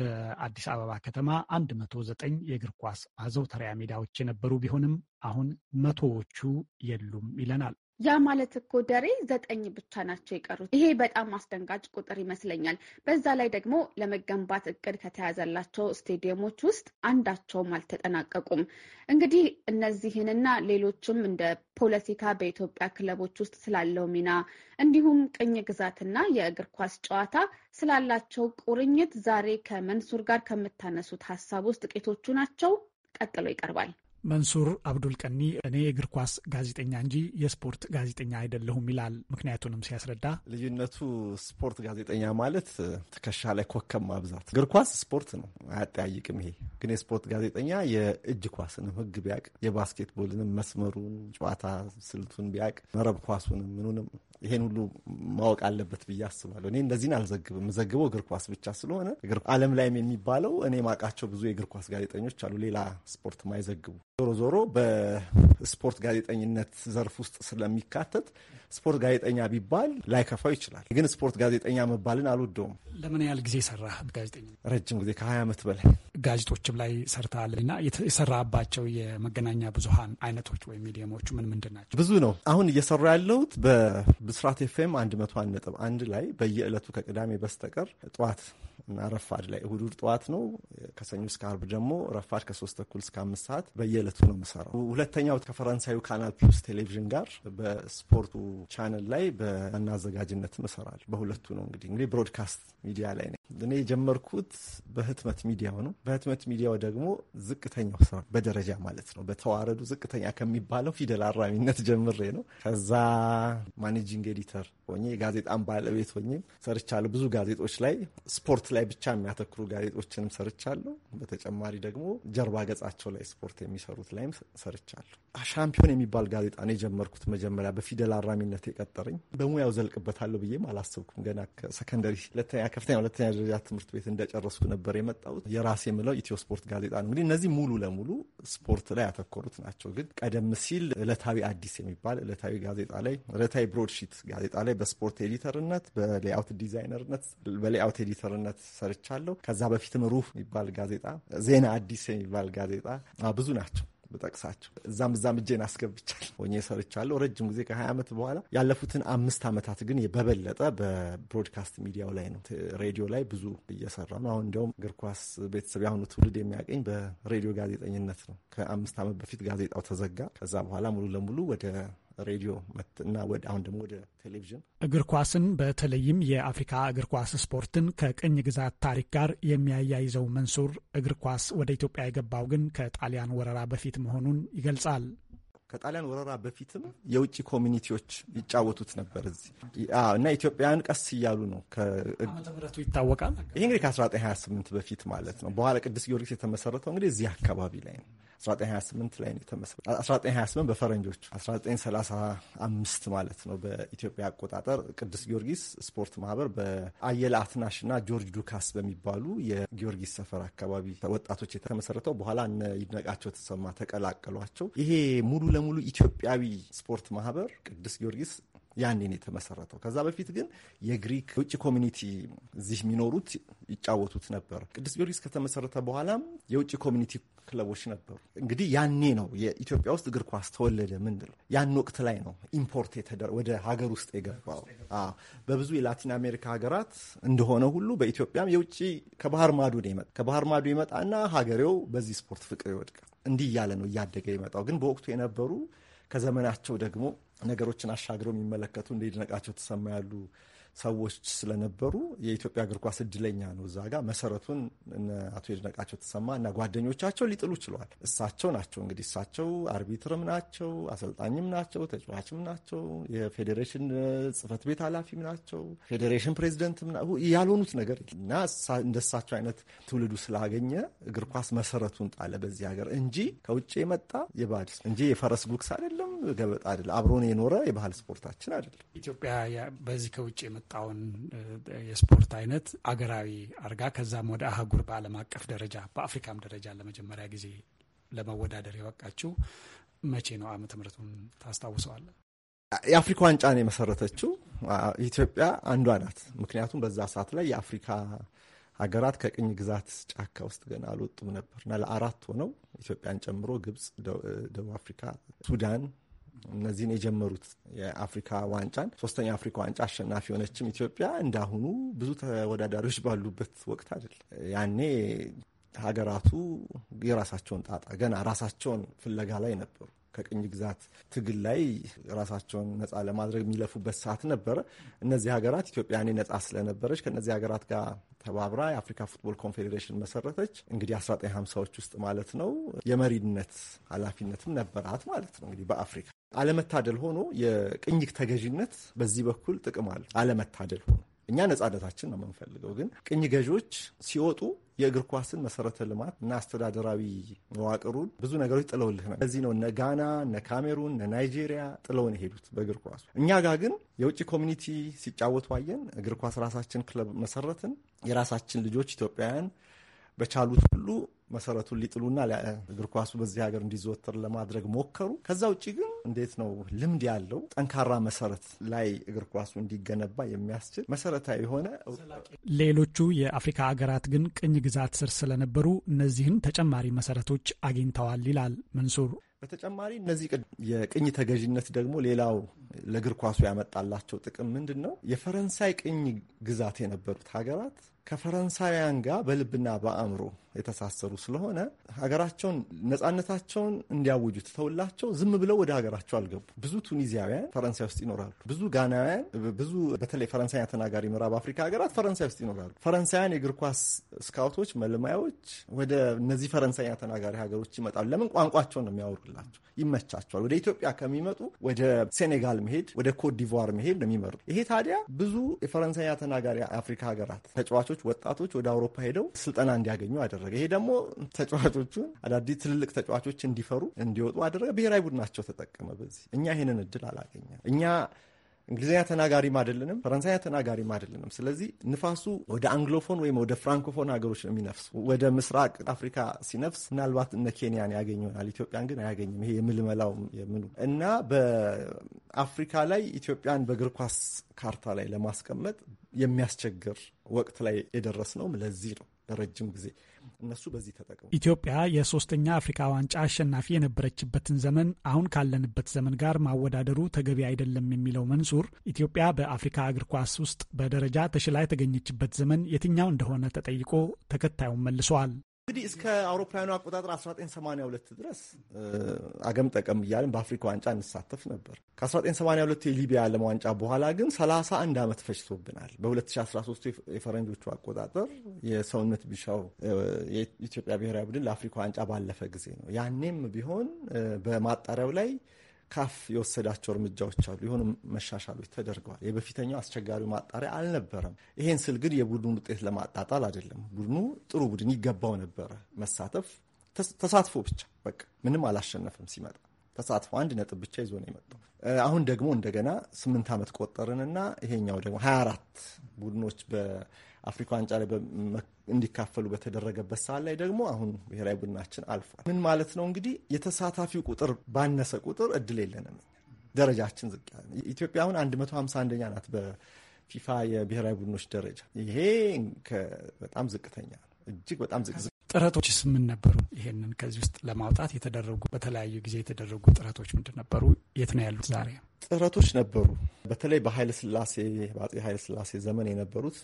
በአዲስ አበባ ከተማ 109 የእግር ኳስ ማዘውተሪያ ሜዳዎች የነበሩ ቢሆንም አሁን መቶዎቹ የሉም ይለናል። ያ ማለት እኮ ደሬ ዘጠኝ ብቻ ናቸው የቀሩት። ይሄ በጣም አስደንጋጭ ቁጥር ይመስለኛል። በዛ ላይ ደግሞ ለመገንባት እቅድ ከተያዘላቸው ስቴዲየሞች ውስጥ አንዳቸውም አልተጠናቀቁም። እንግዲህ እነዚህንና ሌሎችም እንደ ፖለቲካ በኢትዮጵያ ክለቦች ውስጥ ስላለው ሚና እንዲሁም ቅኝ ግዛትና የእግር ኳስ ጨዋታ ስላላቸው ቁርኝት ዛሬ ከመንሱር ጋር ከምታነሱት ሀሳብ ውስጥ ጥቂቶቹ ናቸው። ቀጥሎ ይቀርባል። መንሱር አብዱል ቀኒ እኔ የእግር ኳስ ጋዜጠኛ እንጂ የስፖርት ጋዜጠኛ አይደለሁም ይላል። ምክንያቱንም ሲያስረዳ ልዩነቱ ስፖርት ጋዜጠኛ ማለት ትከሻ ላይ ኮከብ ማብዛት፣ እግር ኳስ ስፖርት ነው፣ አያጠያይቅም። ይሄ ግን የስፖርት ጋዜጠኛ የእጅ ኳስንም ሕግ ቢያቅ የባስኬትቦልንም መስመሩን ጨዋታ ስልቱን ቢያቅ መረብ ኳሱንም ምኑንም ይሄን ሁሉ ማወቅ አለበት ብዬ አስባለሁ። እኔ እንደዚህን አልዘግብም። ዘግበው እግር ኳስ ብቻ ስለሆነ ዓለም ላይም የሚባለው እኔ ማውቃቸው ብዙ የእግር ኳስ ጋዜጠኞች አሉ፣ ሌላ ስፖርት ማይዘግቡ። ዞሮ ዞሮ በስፖርት ጋዜጠኝነት ዘርፍ ውስጥ ስለሚካተት ስፖርት ጋዜጠኛ ቢባል ላይከፋው ይችላል። ግን ስፖርት ጋዜጠኛ መባልን አልወደውም። ለምን ያህል ጊዜ ሰራ ጋዜጠኛ? ረጅም ጊዜ ከሀያ ዓመት በላይ ጋዜጦችም ላይ ሰርተሃል እና የሰራባቸው የመገናኛ ብዙሀን አይነቶች ወይም ሚዲየሞቹ ምን ምንድን ናቸው? ብዙ ነው። አሁን እየሰሩ ያለሁት ብስራት ኤፍኤም አንድ ላይ በየዕለቱ ከቅዳሜ በስተቀር ጠዋት እና ረፋድ ላይ እሁድ ጠዋት ነው። ከሰኞ እስከ አርብ ደግሞ ረፋድ ከሶስት ተኩል እስከ አምስት ሰዓት በየዕለቱ ነው የምሰራው። ሁለተኛው ከፈረንሳዩ ካናል ፕሉስ ቴሌቪዥን ጋር በስፖርቱ ቻነል ላይ በና አዘጋጅነት እሰራለሁ። በሁለቱ ነው እንግዲህ እንግዲህ ብሮድካስት ሚዲያ ላይ ነው እኔ የጀመርኩት በህትመት ሚዲያው ነው። በህትመት ሚዲያው ደግሞ ዝቅተኛው ስራ በደረጃ ማለት ነው። በተዋረዱ ዝቅተኛ ከሚባለው ፊደል አራሚነት ጀምሬ ነው። ከዛ ማኔጂንግ ኤዲተር ሆኜ የጋዜጣን ባለቤት ሆኜ ሰርቻለሁ። ብዙ ጋዜጦች ላይ ስፖርት ላይ ብቻ የሚያተኩሩ ጋዜጦችንም ሰርቻለሁ። በተጨማሪ ደግሞ ጀርባ ገጻቸው ላይ ስፖርት የሚሰሩት ላይም ሰርቻለሁ። ሻምፒዮን የሚባል ጋዜጣ ነው የጀመርኩት መጀመሪያ በፊደል አራሚነት የቀጠረኝ። በሙያው ዘልቅበታለሁ ብዬም አላሰብኩም። ገና ሰከንደሪ ሁለተኛ ከፍተኛ ሁለተኛ ደረጃ ትምህርት ቤት እንደጨረስኩ ነበር የመጣሁት። የራሴ የምለው ኢትዮ ስፖርት ጋዜጣ ነው። እንግዲህ እነዚህ ሙሉ ለሙሉ ስፖርት ላይ ያተኮሩት ናቸው። ግን ቀደም ሲል እለታዊ አዲስ የሚባል እለታዊ ጋዜጣ ላይ እለታዊ ብሮድሺት ጋዜጣ ላይ በስፖርት ኤዲተርነት፣ በሌአውት ዲዛይነርነት፣ በሌአውት ኤዲተርነት ሰርቻለሁ። ከዛ በፊትም ሩህ የሚባል ጋዜጣ፣ ዜና አዲስ የሚባል ጋዜጣ ብዙ ናቸው ብጠቅሳቸው እዛም እዛም እጄን አስገብቻል ሆኜ ሰርቻለሁ ረጅም ጊዜ ከ ዓመት በኋላ ያለፉትን አምስት ዓመታት ግን በበለጠ በብሮድካስት ሚዲያው ላይ ነው ሬዲዮ ላይ ብዙ እየሰራ ነው አሁን እንዲያውም እግር ኳስ ቤተሰብ የአሁኑ ትውልድ የሚያገኝ በሬዲዮ ጋዜጠኝነት ነው ከአምስት ዓመት በፊት ጋዜጣው ተዘጋ ከዛ በኋላ ሙሉ ለሙሉ ወደ ሬዲዮ እና ወደ አሁን ደግሞ ወደ ቴሌቪዥን እግር ኳስን በተለይም የአፍሪካ እግር ኳስ ስፖርትን ከቅኝ ግዛት ታሪክ ጋር የሚያያይዘው መንሱር እግር ኳስ ወደ ኢትዮጵያ የገባው ግን ከጣሊያን ወረራ በፊት መሆኑን ይገልጻል። ከጣሊያን ወረራ በፊትም የውጭ ኮሚኒቲዎች ይጫወቱት ነበር እዚህ እና ኢትዮጵያውያን ቀስ እያሉ ነው ምረቱ ይታወቃል። ይህ እንግዲህ ከ1928 በፊት ማለት ነው። በኋላ ቅዱስ ጊዮርጊስ የተመሰረተው እንግዲህ እዚህ አካባቢ ላይ ነው። 1928 ላይ ነው የተመሰረተው። 1928 በፈረንጆቹ 1935 ማለት ነው በኢትዮጵያ አቆጣጠር ቅዱስ ጊዮርጊስ ስፖርት ማህበር በአየለ አትናሽ እና ጆርጅ ዱካስ በሚባሉ የጊዮርጊስ ሰፈር አካባቢ ወጣቶች የተመሰረተው በኋላ እነ ይድነቃቸው ተሰማ ተቀላቀሏቸው። ይሄ ሙሉ ለሙሉ ኢትዮጵያዊ ስፖርት ማህበር ቅዱስ ጊዮርጊስ ነው የተመሰረተው። ከዛ በፊት ግን የግሪክ የውጭ ኮሚኒቲ እዚህ የሚኖሩት ይጫወቱት ነበር። ቅዱስ ጊዮርጊስ ከተመሰረተ በኋላም የውጭ ኮሚኒቲ ክለቦች ነበሩ። እንግዲህ ያኔ ነው የኢትዮጵያ ውስጥ እግር ኳስ ተወለደ ምንድን ነው ያን ወቅት ላይ ነው ኢምፖርት ወደ ሀገር ውስጥ የገባው። በብዙ የላቲን አሜሪካ ሀገራት እንደሆነ ሁሉ በኢትዮጵያም የውጭ ከባህር ማዶ ነው ከባህር ማዶ ይመጣና ሀገሬው በዚህ ስፖርት ፍቅር ይወድቃል። እንዲህ እያለ ነው እያደገ የመጣው። ግን በወቅቱ የነበሩ ከዘመናቸው ደግሞ ነገሮችን አሻግረው የሚመለከቱ እንደ ይድነቃቸው ተሰማ ያሉ ሰዎች ስለነበሩ የኢትዮጵያ እግር ኳስ እድለኛ ነው። እዛ ጋር መሰረቱን አቶ የድነቃቸው ተሰማ እና ጓደኞቻቸው ሊጥሉ ችለዋል። እሳቸው ናቸው እንግዲህ እሳቸው አርቢትርም ናቸው፣ አሰልጣኝም ናቸው፣ ተጫዋችም ናቸው፣ የፌዴሬሽን ጽህፈት ቤት ኃላፊም ናቸው፣ ፌዴሬሽን ፕሬዚደንትም ያልሆኑት ነገር እና እንደ እሳቸው አይነት ትውልዱ ስላገኘ እግር ኳስ መሰረቱን ጣለ በዚህ ሀገር እንጂ ከውጭ የመጣ የባህል እንጂ የፈረስ ጉግስ አይደለም፣ ገበጣ አይደለም፣ አብሮን የኖረ የባህል ስፖርታችን አይደለም። ኢትዮጵያ በዚህ ከውጭ የመጣ የመጣውን የስፖርት አይነት አገራዊ አርጋ ከዛም ወደ አህጉር በዓለም አቀፍ ደረጃ በአፍሪካም ደረጃ ለመጀመሪያ ጊዜ ለመወዳደር የበቃችው መቼ ነው? ዓመተ ምሕረቱን ታስታውሰዋለን። የአፍሪካ ዋንጫን የመሰረተችው ኢትዮጵያ አንዷ ናት። ምክንያቱም በዛ ሰዓት ላይ የአፍሪካ ሀገራት ከቅኝ ግዛት ጫካ ውስጥ ገና አልወጡም ነበር እና ለአራት ሆነው ኢትዮጵያን ጨምሮ ግብፅ፣ ደቡብ አፍሪካ፣ ሱዳን እነዚህን የጀመሩት የአፍሪካ ዋንጫን ሶስተኛ የአፍሪካ ዋንጫ አሸናፊ የሆነችም ኢትዮጵያ እንዳሁኑ ብዙ ተወዳዳሪዎች ባሉበት ወቅት አይደለም። ያኔ ሀገራቱ የራሳቸውን ጣጣ ገና ራሳቸውን ፍለጋ ላይ ነበሩ። ከቅኝ ግዛት ትግል ላይ ራሳቸውን ነፃ ለማድረግ የሚለፉበት ሰዓት ነበረ። እነዚህ ሀገራት ኢትዮጵያ ያኔ ነፃ ስለነበረች ከእነዚህ ሀገራት ጋር ተባብራ የአፍሪካ ፉትቦል ኮንፌዴሬሽን መሰረተች። እንግዲህ 1950ዎች ውስጥ ማለት ነው። የመሪነት ኃላፊነትም ነበራት ማለት ነው እንግዲህ በአፍሪካ አለመታደል ሆኖ የቅኝ ተገዥነት በዚህ በኩል ጥቅም አለ። አለመታደል ሆኖ እኛ ነጻነታችን ነው የምንፈልገው፣ ግን ቅኝ ገዢዎች ሲወጡ የእግር ኳስን መሰረተ ልማት እና አስተዳደራዊ መዋቅሩን ብዙ ነገሮች ጥለውልህ ነው። ለዚህ ነው እነ ጋና፣ እነ ካሜሩን፣ እነ ናይጄሪያ ጥለውን የሄዱት በእግር ኳሱ። እኛ ጋር ግን የውጭ ኮሚኒቲ ሲጫወቱ አየን። እግር ኳስ ራሳችን ክለብ መሰረትን። የራሳችን ልጆች ኢትዮጵያውያን በቻሉት ሁሉ መሰረቱን ሊጥሉና እግር ኳሱ በዚህ ሀገር እንዲዘወትር ለማድረግ ሞከሩ። ከዛ ውጭ ግን እንዴት ነው ልምድ ያለው ጠንካራ መሰረት ላይ እግር ኳሱ እንዲገነባ የሚያስችል መሰረታዊ የሆነ ሌሎቹ የአፍሪካ ሀገራት ግን ቅኝ ግዛት ስር ስለነበሩ እነዚህን ተጨማሪ መሰረቶች አግኝተዋል ይላል መንሱር። በተጨማሪ እነዚህ የቅኝ ተገዥነት ደግሞ ሌላው ለእግር ኳሱ ያመጣላቸው ጥቅም ምንድን ነው? የፈረንሳይ ቅኝ ግዛት የነበሩት ሀገራት ከፈረንሳውያን ጋር በልብና በአእምሮ የተሳሰሩ ስለሆነ ሀገራቸውን ነፃነታቸውን እንዲያውጁ ትተውላቸው ዝም ብለው ወደ ሀገራቸው አልገቡ። ብዙ ቱኒዚያውያን ፈረንሳይ ውስጥ ይኖራሉ። ብዙ ጋናውያን፣ ብዙ በተለይ ፈረንሳይኛ ተናጋሪ ምዕራብ አፍሪካ ሀገራት ፈረንሳይ ውስጥ ይኖራሉ። ፈረንሳውያን የእግር ኳስ ስካውቶች፣ መልማዮች ወደ እነዚህ ፈረንሳይኛ ተናጋሪ ሀገሮች ይመጣሉ። ለምን? ቋንቋቸውን ነው የሚያወሩ አላቸው፣ ይመቻቸዋል። ወደ ኢትዮጵያ ከሚመጡ ወደ ሴኔጋል መሄድ፣ ወደ ኮትዲቯር መሄድ ነው የሚመርጡ። ይሄ ታዲያ ብዙ የፈረንሳይኛ ተናጋሪ አፍሪካ ሀገራት ተጫዋቾች፣ ወጣቶች ወደ አውሮፓ ሄደው ስልጠና እንዲያገኙ አደረገ። ይሄ ደግሞ ተጫዋቾቹን አዳዲስ ትልልቅ ተጫዋቾች እንዲፈሩ እንዲወጡ አደረገ። ብሔራዊ ቡድናቸው ተጠቀመ። በዚህ እኛ ይህንን እድል አላገኘም እኛ እንግሊዝኛ ተናጋሪም አይደለንም፣ ፈረንሳይኛ ተናጋሪም አይደለንም። ስለዚህ ንፋሱ ወደ አንግሎፎን ወይም ወደ ፍራንኮፎን ሀገሮች ነው የሚነፍስ። ወደ ምስራቅ አፍሪካ ሲነፍስ ምናልባት እነ ኬንያን ያገኝ ይሆናል፣ ኢትዮጵያን ግን አያገኝም። ይሄ የምልመላው የምኑ እና በአፍሪካ ላይ ኢትዮጵያን በእግር ኳስ ካርታ ላይ ለማስቀመጥ የሚያስቸግር ወቅት ላይ ነው። ለዚህ ነው ለረጅም ጊዜ እነሱ በዚህ ተጠቅሙ ኢትዮጵያ የሶስተኛ አፍሪካ ዋንጫ አሸናፊ የነበረችበትን ዘመን አሁን ካለንበት ዘመን ጋር ማወዳደሩ ተገቢ አይደለም የሚለው መንሱር ኢትዮጵያ በአፍሪካ እግር ኳስ ውስጥ በደረጃ ተሽላ የተገኘችበት ዘመን የትኛው እንደሆነ ተጠይቆ ተከታዩን መልሰዋል። እንግዲህ እስከ አውሮፓውያኑ አቆጣጠር 1982 ድረስ አገም ጠቀም እያለን በአፍሪካ ዋንጫ እንሳተፍ ነበር። ከ1982 የሊቢያ ዓለም ዋንጫ በኋላ ግን 31 ዓመት ፈጅቶብናል። በ2013 የፈረንጆቹ አቆጣጠር የሰውነት ቢሻው የኢትዮጵያ ብሔራዊ ቡድን ለአፍሪካ ዋንጫ ባለፈ ጊዜ ነው። ያኔም ቢሆን በማጣሪያው ላይ ካፍ የወሰዳቸው እርምጃዎች አሉ። የሆኑ መሻሻሎች ተደርገዋል። የበፊተኛው አስቸጋሪው ማጣሪያ አልነበረም። ይሄን ስል ግን የቡድኑን ውጤት ለማጣጣል አይደለም። ቡድኑ ጥሩ ቡድን ይገባው ነበረ መሳተፍ፣ ተሳትፎ ብቻ በቃ ምንም አላሸነፍም ሲመጣ ተሳትፎ አንድ ነጥብ ብቻ ይዞ ነው የመጣው። አሁን ደግሞ እንደገና ስምንት ዓመት ቆጠርንና ይሄኛው ደግሞ ሀያ አራት ቡድኖች አፍሪካ ዋንጫ ላይ እንዲካፈሉ በተደረገበት ሰዓት ላይ ደግሞ አሁን ብሔራዊ ቡድናችን አልፏል። ምን ማለት ነው እንግዲህ የተሳታፊው ቁጥር ባነሰ ቁጥር እድል የለንም። ደረጃችን ዝቅ ያለ ኢትዮጵያ አሁን 151ኛ ናት በፊፋ የብሔራዊ ቡድኖች ደረጃ። ይሄ በጣም ዝቅተኛ ነው። እጅግ በጣም ዝቅ ጥረቶችስ ምን ነበሩ? ይሄንን ከዚህ ውስጥ ለማውጣት የተደረጉ በተለያዩ ጊዜ የተደረጉ ጥረቶች ምንድን ነበሩ? የት ነው ያሉት ዛሬ? ጥረቶች ነበሩ። በተለይ በኃይለ ስላሴ በአፄ ኃይለ ስላሴ ዘመን የነበሩት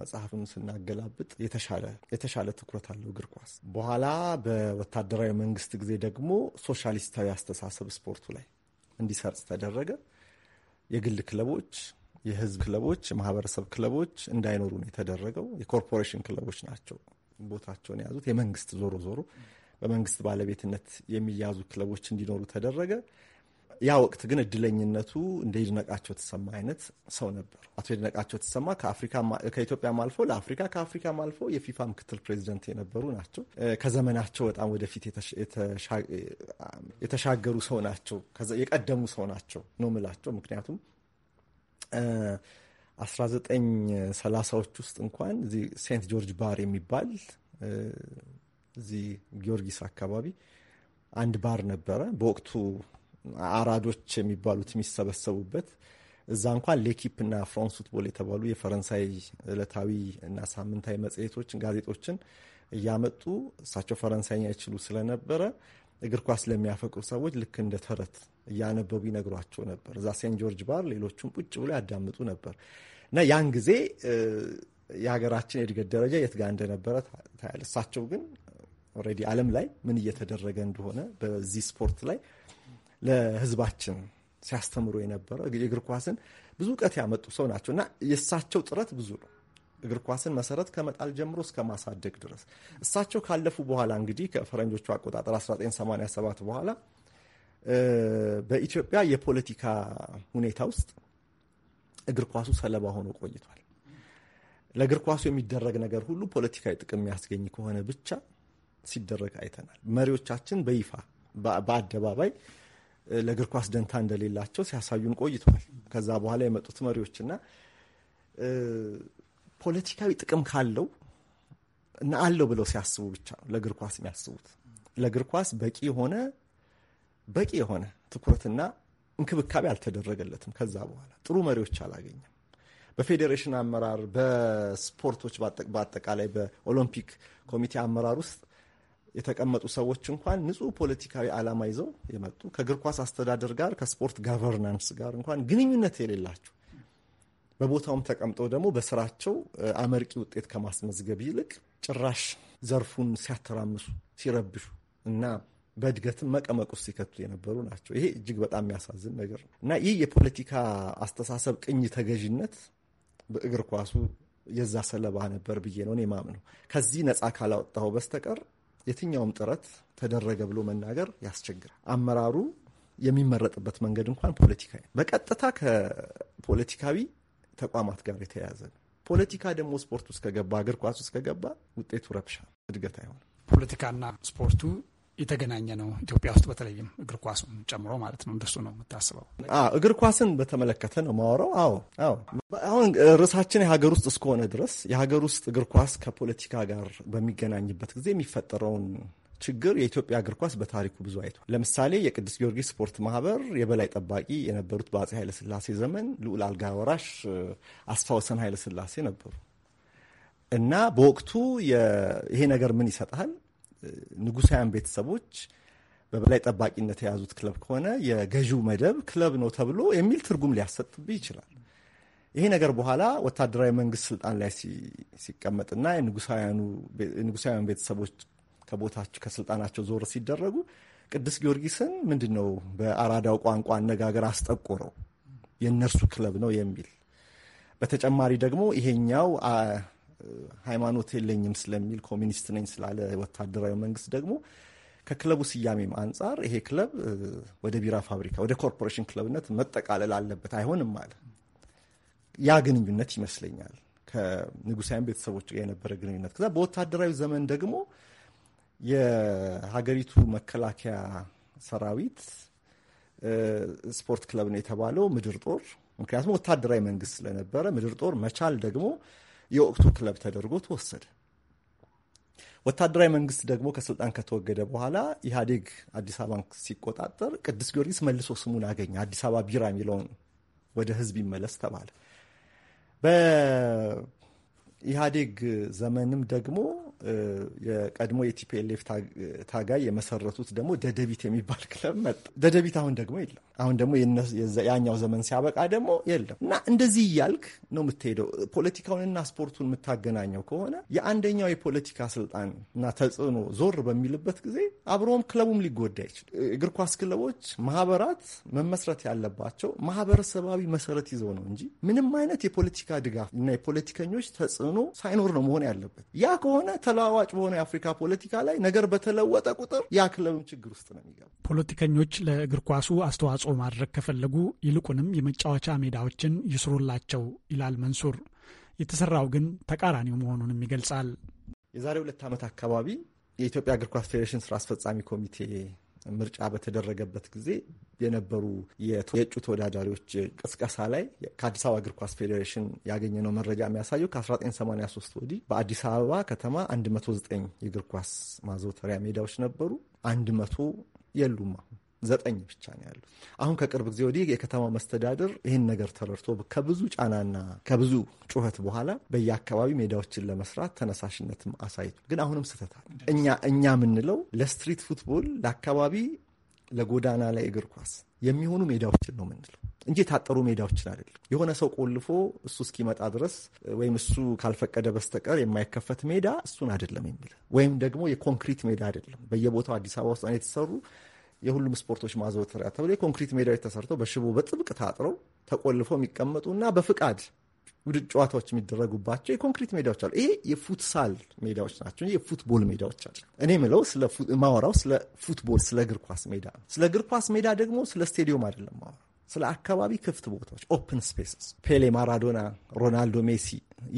መጽሐፍን ስናገላብጥ የተሻለ ትኩረት አለው እግር ኳስ። በኋላ በወታደራዊ መንግስት ጊዜ ደግሞ ሶሻሊስታዊ አስተሳሰብ ስፖርቱ ላይ እንዲሰርጽ ተደረገ። የግል ክለቦች፣ የህዝብ ክለቦች፣ የማህበረሰብ ክለቦች እንዳይኖሩ ነው የተደረገው። የኮርፖሬሽን ክለቦች ናቸው ቦታቸውን የያዙት የመንግስት ዞሮ ዞሮ በመንግስት ባለቤትነት የሚያዙ ክለቦች እንዲኖሩ ተደረገ። ያ ወቅት ግን እድለኝነቱ እንደ ይድነቃቸው ተሰማ አይነት ሰው ነበር። አቶ ይድነቃቸው ተሰማ ከኢትዮጵያም አልፎ ለአፍሪካ ከአፍሪካም አልፎ የፊፋ ምክትል ፕሬዚደንት የነበሩ ናቸው። ከዘመናቸው በጣም ወደፊት የተሻገሩ ሰው ናቸው። የቀደሙ ሰው ናቸው ነው ምላቸው። ምክንያቱም 1930ዎች ውስጥ እንኳን እዚህ ሴንት ጆርጅ ባር የሚባል እዚህ ጊዮርጊስ አካባቢ አንድ ባር ነበረ። በወቅቱ አራዶች የሚባሉት የሚሰበሰቡበት እዛ እንኳን ሌኪፕ እና ፍራንስ ፉትቦል የተባሉ የፈረንሳይ ዕለታዊ እና ሳምንታዊ መጽሔቶችን፣ ጋዜጦችን እያመጡ እሳቸው ፈረንሳይኛ ይችሉ ስለነበረ እግር ኳስ ለሚያፈቅሩ ሰዎች ልክ እንደ ተረት እያነበቡ ይነግሯቸው ነበር። እዛ ሴንት ጆርጅ ባር ሌሎቹም ቁጭ ብሎ ያዳምጡ ነበር እና ያን ጊዜ የሀገራችን የእድገት ደረጃ የት ጋር እንደነበረ ታያለ። እሳቸው ግን ኦልሬዲ ዓለም ላይ ምን እየተደረገ እንደሆነ በዚህ ስፖርት ላይ ለህዝባችን ሲያስተምሩ የነበረ እግር ኳስን ብዙ እውቀት ያመጡ ሰው ናቸው እና የእሳቸው ጥረት ብዙ ነው። እግር ኳስን መሰረት ከመጣል ጀምሮ እስከ ማሳደግ ድረስ እሳቸው ካለፉ በኋላ እንግዲህ ከፈረንጆቹ አቆጣጠር 1987 በኋላ በኢትዮጵያ የፖለቲካ ሁኔታ ውስጥ እግር ኳሱ ሰለባ ሆኖ ቆይቷል። ለእግር ኳሱ የሚደረግ ነገር ሁሉ ፖለቲካዊ ጥቅም የሚያስገኝ ከሆነ ብቻ ሲደረግ አይተናል። መሪዎቻችን በይፋ በአደባባይ ለእግር ኳስ ደንታ እንደሌላቸው ሲያሳዩን ቆይተዋል። ከዛ በኋላ የመጡት መሪዎችና ፖለቲካዊ ጥቅም ካለው እና አለው ብለው ሲያስቡ ብቻ ነው ለእግር ኳስ የሚያስቡት። ለእግር ኳስ በቂ የሆነ በቂ የሆነ ትኩረትና እንክብካቤ አልተደረገለትም። ከዛ በኋላ ጥሩ መሪዎች አላገኘም። በፌዴሬሽን አመራር፣ በስፖርቶች በአጠቃላይ በኦሎምፒክ ኮሚቴ አመራር ውስጥ የተቀመጡ ሰዎች እንኳን ንጹህ ፖለቲካዊ ዓላማ ይዘው የመጡ ከእግር ኳስ አስተዳደር ጋር ከስፖርት ጋቨርናንስ ጋር እንኳን ግንኙነት የሌላቸው በቦታውም ተቀምጠው ደግሞ በስራቸው አመርቂ ውጤት ከማስመዝገብ ይልቅ ጭራሽ ዘርፉን ሲያተራምሱ ሲረብሹ እና በእድገትም መቀመቅ ውስጥ ሲከቱ የነበሩ ናቸው። ይሄ እጅግ በጣም የሚያሳዝን ነገር ነው እና ይህ የፖለቲካ አስተሳሰብ ቅኝ ተገዥነት በእግር ኳሱ የዛ ሰለባ ነበር ብዬ ነው እኔ የማምነው። ከዚህ ነፃ ካላወጣው በስተቀር የትኛውም ጥረት ተደረገ ብሎ መናገር ያስቸግራል። አመራሩ የሚመረጥበት መንገድ እንኳን ፖለቲካ በቀጥታ ከፖለቲካዊ ተቋማት ጋር የተያያዘ ነው። ፖለቲካ ደግሞ ስፖርት ውስጥ ከገባ እግር ኳስ ውስጥ ከገባ ውጤቱ ረብሻ፣ እድገት አይሆንም። ፖለቲካና ስፖርቱ የተገናኘ ነው። ኢትዮጵያ ውስጥ በተለይም እግር ኳሱን ጨምሮ ማለት ነው። እንደሱ ነው የምታስበው? እግር ኳስን በተመለከተ ነው ማወራው። አዎ፣ አዎ። አሁን ርዕሳችን የሀገር ውስጥ እስከሆነ ድረስ የሀገር ውስጥ እግር ኳስ ከፖለቲካ ጋር በሚገናኝበት ጊዜ የሚፈጠረውን ችግር የኢትዮጵያ እግር ኳስ በታሪኩ ብዙ አይቷል። ለምሳሌ የቅዱስ ጊዮርጊስ ስፖርት ማህበር የበላይ ጠባቂ የነበሩት በአፄ ኃይለስላሴ ዘመን ልዑል አልጋ ወራሽ አስፋ ኃይለስላሴ ነበሩ እና በወቅቱ ይሄ ነገር ምን ይሰጣል ንጉሳውያን ቤተሰቦች በበላይ ጠባቂነት የያዙት ክለብ ከሆነ የገዢው መደብ ክለብ ነው ተብሎ የሚል ትርጉም ሊያሰጥብህ ይችላል። ይሄ ነገር በኋላ ወታደራዊ መንግስት ስልጣን ላይ ሲቀመጥና ንጉሳውያን ቤተሰቦች ከቦታቸው ከስልጣናቸው ዞር ሲደረጉ ቅዱስ ጊዮርጊስን ምንድን ነው በአራዳው ቋንቋ አነጋገር አስጠቆረው የእነርሱ ክለብ ነው የሚል በተጨማሪ ደግሞ ይሄኛው ሃይማኖት የለኝም ስለሚል ኮሚኒስት ነኝ ስላለ ወታደራዊ መንግስት ደግሞ ከክለቡ ስያሜም አንጻር ይሄ ክለብ ወደ ቢራ ፋብሪካ ወደ ኮርፖሬሽን ክለብነት መጠቃለል አለበት፣ አይሆንም አለ። ያ ግንኙነት ይመስለኛል ከንጉሳውያን ቤተሰቦች ጋር የነበረ ግንኙነት። ከዛ በወታደራዊ ዘመን ደግሞ የሀገሪቱ መከላከያ ሰራዊት ስፖርት ክለብ ነው የተባለው ምድር ጦር። ምክንያቱም ወታደራዊ መንግስት ስለነበረ ምድር ጦር መቻል ደግሞ የወቅቱ ክለብ ተደርጎ ተወሰደ። ወታደራዊ መንግስት ደግሞ ከስልጣን ከተወገደ በኋላ ኢህአዴግ አዲስ አበባን ሲቆጣጠር ቅዱስ ጊዮርጊስ መልሶ ስሙን አገኘ። አዲስ አበባ ቢራ የሚለውን ወደ ህዝብ ይመለስ ተባለ። በኢህአዴግ ዘመንም ደግሞ የቀድሞ የቲፒኤልኤፍ ታጋይ የመሰረቱት ደግሞ ደደቢት የሚባል ክለብ መጣ። ደደቢት አሁን ደግሞ የለም። አሁን ደግሞ ያኛው ዘመን ሲያበቃ ደግሞ የለም እና እንደዚህ እያልክ ነው የምትሄደው። ፖለቲካውንና ስፖርቱን የምታገናኘው ከሆነ የአንደኛው የፖለቲካ ስልጣን እና ተጽዕኖ ዞር በሚልበት ጊዜ አብሮም ክለቡም ሊጎዳ ይችላል። እግር ኳስ ክለቦች፣ ማህበራት መመስረት ያለባቸው ማህበረሰባዊ መሰረት ይዘው ነው እንጂ ምንም አይነት የፖለቲካ ድጋፍ እና የፖለቲከኞች ተጽዕኖ ሳይኖር ነው መሆን ያለበት። ያ ከሆነ ተለዋዋጭ በሆነ የአፍሪካ ፖለቲካ ላይ ነገር በተለወጠ ቁጥር ያ ክለብም ችግር ውስጥ ነው የሚገባ። ፖለቲከኞች ለእግር ኳሱ አስተዋጽኦ ማድረግ ከፈለጉ ይልቁንም የመጫወቻ ሜዳዎችን ይስሩላቸው ይላል መንሱር። የተሰራው ግን ተቃራኒው መሆኑንም ይገልጻል። የዛሬ ሁለት ዓመት አካባቢ የኢትዮጵያ እግር ኳስ ፌዴሬሽን ስራ አስፈጻሚ ኮሚቴ ምርጫ በተደረገበት ጊዜ የነበሩ የእጩ ተወዳዳሪዎች ቅስቀሳ ላይ ከአዲስ አበባ እግር ኳስ ፌዴሬሽን ያገኘነው መረጃ የሚያሳየው ከ1983 ወዲህ በአዲስ አበባ ከተማ 109 የእግር ኳስ ማዘውተሪያ ሜዳዎች ነበሩ። አንድ መቶ የሉም አሁን ዘጠኝ ብቻ ነው ያሉት። አሁን ከቅርብ ጊዜ ወዲህ የከተማው መስተዳድር ይህን ነገር ተረድቶ ከብዙ ጫናና ከብዙ ጩኸት በኋላ በየአካባቢ ሜዳዎችን ለመስራት ተነሳሽነትም አሳይቶ ግን አሁንም ስተታል እኛ እኛ የምንለው ለስትሪት ፉትቦል ለአካባቢ ለጎዳና ላይ እግር ኳስ የሚሆኑ ሜዳዎችን ነው የምንለው እንጂ የታጠሩ ሜዳዎችን አይደለም። የሆነ ሰው ቆልፎ እሱ እስኪመጣ ድረስ ወይም እሱ ካልፈቀደ በስተቀር የማይከፈት ሜዳ እሱን አይደለም የሚል ወይም ደግሞ የኮንክሪት ሜዳ አይደለም። በየቦታው አዲስ አበባ ውስጥ የተሰሩ የሁሉም ስፖርቶች ማዘወተሪያ ተብሎ የኮንክሪት ሜዳዎች ተሰርተው በሽቦ በጥብቅ ታጥረው ተቆልፈው የሚቀመጡ እና በፍቃድ ውድድ ጨዋታዎች የሚደረጉባቸው የኮንክሪት ሜዳዎች አሉ። ይሄ የፉትሳል ሜዳዎች ናቸው፣ የፉትቦል ሜዳዎች አሉ። እኔ ምለው ማወራው ስለ ፉትቦል ስለ እግር ኳስ ሜዳ ነው። ስለ እግር ኳስ ሜዳ ደግሞ ስለ ስቴዲየም አይደለም ማወራው ስለ አካባቢ ክፍት ቦታዎች ኦፕን ስፔስስ ፔሌ፣ ማራዶና፣ ሮናልዶ፣ ሜሲ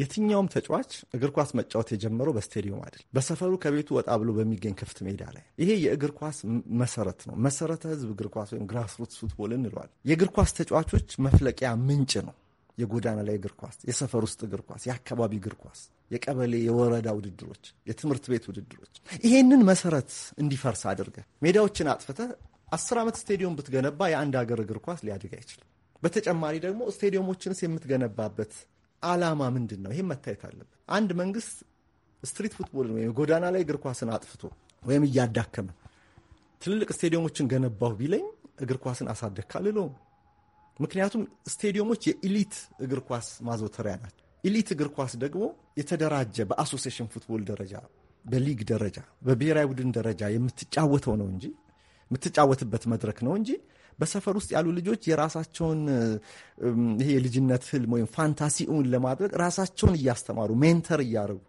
የትኛውም ተጫዋች እግር ኳስ መጫወት የጀመረው በስቴዲየም አይደል፣ በሰፈሩ ከቤቱ ወጣ ብሎ በሚገኝ ክፍት ሜዳ ላይ። ይሄ የእግር ኳስ መሰረት ነው። መሰረተ ህዝብ እግር ኳስ ወይም ግራስሩትስ ፉትቦል እንለዋል። የእግር ኳስ ተጫዋቾች መፍለቂያ ምንጭ ነው። የጎዳና ላይ እግር ኳስ፣ የሰፈር ውስጥ እግር ኳስ፣ የአካባቢ እግር ኳስ፣ የቀበሌ የወረዳ ውድድሮች፣ የትምህርት ቤት ውድድሮች ይሄንን መሰረት እንዲፈርስ አድርገ ሜዳዎችን አጥፍተህ አስር ዓመት ስቴዲየም ብትገነባ የአንድ ሀገር እግር ኳስ ሊያድግ አይችልም። በተጨማሪ ደግሞ ስቴዲየሞችንስ የምትገነባበት አላማ ምንድን ነው? ይህም መታየት አለበት። አንድ መንግስት ስትሪት ፉትቦልን ወይም ጎዳና ላይ እግር ኳስን አጥፍቶ ወይም እያዳከመ ትልልቅ ስቴዲየሞችን ገነባሁ ቢለኝ እግር ኳስን አሳደግ ካልለውም። ምክንያቱም ስቴዲየሞች የኢሊት እግር ኳስ ማዘውተሪያ ናቸው። ኢሊት እግር ኳስ ደግሞ የተደራጀ በአሶሲሽን ፉትቦል ደረጃ፣ በሊግ ደረጃ፣ በብሔራዊ ቡድን ደረጃ የምትጫወተው ነው እንጂ የምትጫወትበት መድረክ ነው እንጂ በሰፈር ውስጥ ያሉ ልጆች የራሳቸውን ይሄ የልጅነት ህልም ወይም ፋንታሲውን ለማድረግ ራሳቸውን እያስተማሩ ሜንተር እያደረጉ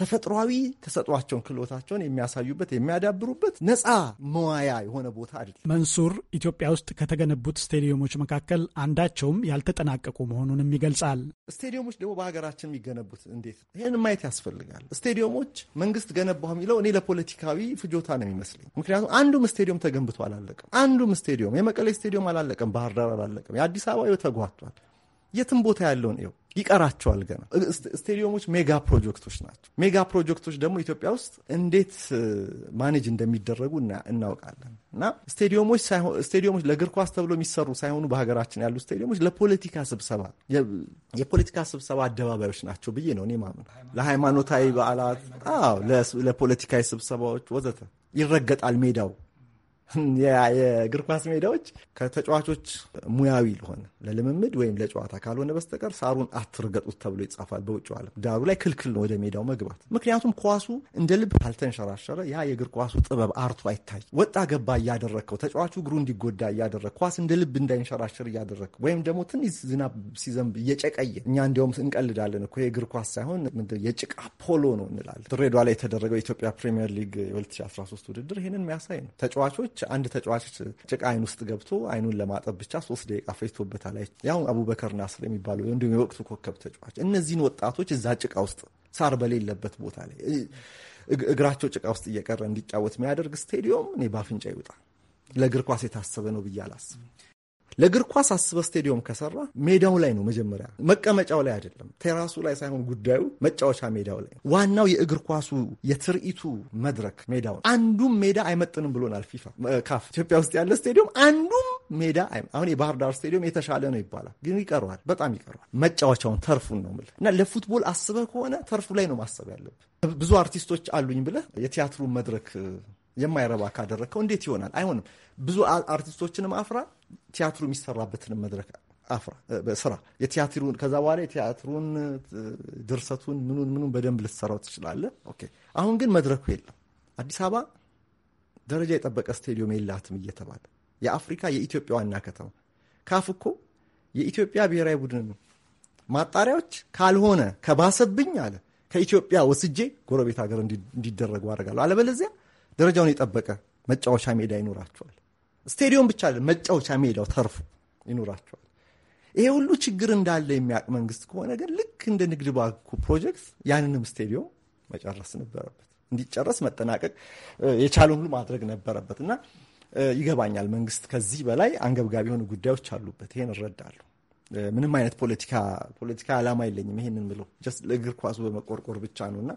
ተፈጥሯዊ ተሰጧቸውን ክህሎታቸውን የሚያሳዩበት የሚያዳብሩበት ነፃ መዋያ የሆነ ቦታ አይደለም። መንሱር ኢትዮጵያ ውስጥ ከተገነቡት ስቴዲየሞች መካከል አንዳቸውም ያልተጠናቀቁ መሆኑንም ይገልጻል። ስቴዲየሞች ደግሞ በሀገራችን የሚገነቡት እንዴት ይህን ማየት ያስፈልጋል። ስቴዲየሞች መንግስት ገነባ የሚለው እኔ ለፖለቲካዊ ፍጆታ ነው የሚመስለኝ። ምክንያቱም አንዱም ስቴዲየም ተገንብቶ አላለቀም። አንዱም ስቴዲየም የመቀሌ ስቴዲየም አላለቀም፣ ባህር ዳር አላለቀም፣ የአዲስ አበባ ተጓቷል። የትም ቦታ ያለውን ው ይቀራቸዋል ገና። ስቴዲየሞች ሜጋ ፕሮጀክቶች ናቸው። ሜጋ ፕሮጀክቶች ደግሞ ኢትዮጵያ ውስጥ እንዴት ማኔጅ እንደሚደረጉ እናውቃለን። እና ስቴዲየሞች ስቴዲየሞች ለእግር ኳስ ተብሎ የሚሰሩ ሳይሆኑ በሀገራችን ያሉ ስቴዲየሞች ለፖለቲካ ስብሰባ የፖለቲካ ስብሰባ አደባባዮች ናቸው ብዬ ነው እኔ ማምን። ለሃይማኖታዊ በዓላት፣ ለፖለቲካዊ ስብሰባዎች ወዘተ ይረገጣል ሜዳው የእግር ኳስ ሜዳዎች ከተጫዋቾች ሙያዊ ለሆነ ለልምምድ ወይም ለጨዋታ ካልሆነ በስተቀር ሳሩን አትርገጡት ተብሎ ይጻፋል በውጭ ዓለም። ዳሩ ላይ ክልክል ነው ወደ ሜዳው መግባት። ምክንያቱም ኳሱ እንደ ልብ ካልተንሸራሸረ ያ የእግር ኳሱ ጥበብ አርቶ አይታይ። ወጣ ገባ እያደረግከው ተጫዋቹ እግሩ እንዲጎዳ እያደረግ ኳስ እንደ ልብ እንዳይንሸራሸር እያደረግ ወይም ደግሞ ትንሽ ዝናብ ሲዘንብ እየጨቀየ እኛ እንዲያውም እንቀልዳለን እኮ የእግር ኳስ ሳይሆን የጭቃ ፖሎ ነው እንላለን። ድሬዳዋ ላይ የተደረገው የኢትዮጵያ ፕሪምየር ሊግ 2013 ውድድር ይህንን የሚያሳይ ነው። ተጫዋቾች አንድ ተጫዋች ጭቃ አይን ውስጥ ገብቶ አይኑን ለማጠብ ብቻ ሶስት ደቂቃ ፈጅቶበታል። ያሁን አቡበከር ናስር የሚባለው እንዲሁም የወቅቱ ኮከብ ተጫዋች እነዚህን ወጣቶች እዛ ጭቃ ውስጥ ሳር በሌለበት ቦታ ላይ እግራቸው ጭቃ ውስጥ እየቀረ እንዲጫወት የሚያደርግ ስቴዲዮም እኔ በአፍንጫ ይውጣ ለእግር ኳስ የታሰበ ነው ብዬ አላስብም። ለእግር ኳስ አስበ ስቴዲየም ከሰራ ሜዳው ላይ ነው መጀመሪያ፣ መቀመጫው ላይ አይደለም፣ ቴራሱ ላይ ሳይሆን ጉዳዩ መጫወቻ ሜዳው ላይ። ዋናው የእግር ኳሱ የትርኢቱ መድረክ ሜዳው ነው። አንዱም ሜዳ አይመጥንም ብሎናል ፊፋ ካፍ። ኢትዮጵያ ውስጥ ያለ ስቴዲየም አንዱም ሜዳ አሁን የባህር ዳር ስቴዲየም የተሻለ ነው ይባላል፣ ግን ይቀረዋል፣ በጣም ይቀረዋል። መጫወቻውን ተርፉን ነው የምልህ እና ለፉትቦል አስበህ ከሆነ ተርፉ ላይ ነው ማሰብ ያለብህ። ብዙ አርቲስቶች አሉኝ ብለህ የቲያትሩን መድረክ የማይረባ ካደረግከው እንዴት ይሆናል? አይሆንም። ብዙ አርቲስቶችንም አፍራ ቲያትሩ የሚሰራበትን መድረክ ስራ የቲያትሩን ከዛ በኋላ የቲያትሩን ድርሰቱን ምኑን ምኑን በደንብ ልትሰራው ትችላለህ። ኦኬ አሁን ግን መድረኩ የለም። አዲስ አበባ ደረጃ የጠበቀ ስቴዲዮም የላትም እየተባለ የአፍሪካ የኢትዮጵያ ዋና ከተማ ካፍ እኮ የኢትዮጵያ ብሔራዊ ቡድን ማጣሪያዎች ካልሆነ ከባሰብኝ አለ ከኢትዮጵያ ወስጄ ጎረቤት ሀገር እንዲደረጉ አደርጋለሁ። አለበለዚያ ደረጃውን የጠበቀ መጫወቻ ሜዳ ይኖራቸዋል። ስቴዲዮም ብቻ መጫወቻ ሜዳው ተርፎ ይኖራቸዋል። ይሄ ሁሉ ችግር እንዳለ የሚያውቅ መንግስት ከሆነ ግን ልክ እንደ ንግድ ባንኩ ፕሮጀክት ያንንም ስቴዲዮም መጨረስ ነበረበት። እንዲጨረስ መጠናቀቅ የቻለ ሁሉ ማድረግ ነበረበት እና ይገባኛል መንግስት ከዚህ በላይ አንገብጋቢ የሆኑ ጉዳዮች አሉበት። ይሄን እረዳለሁ። ምንም አይነት ፖለቲካ ፖለቲካ ዓላማ የለኝም። ይሄንን ምለው ለእግር ኳሱ በመቆርቆር ብቻ ነው እና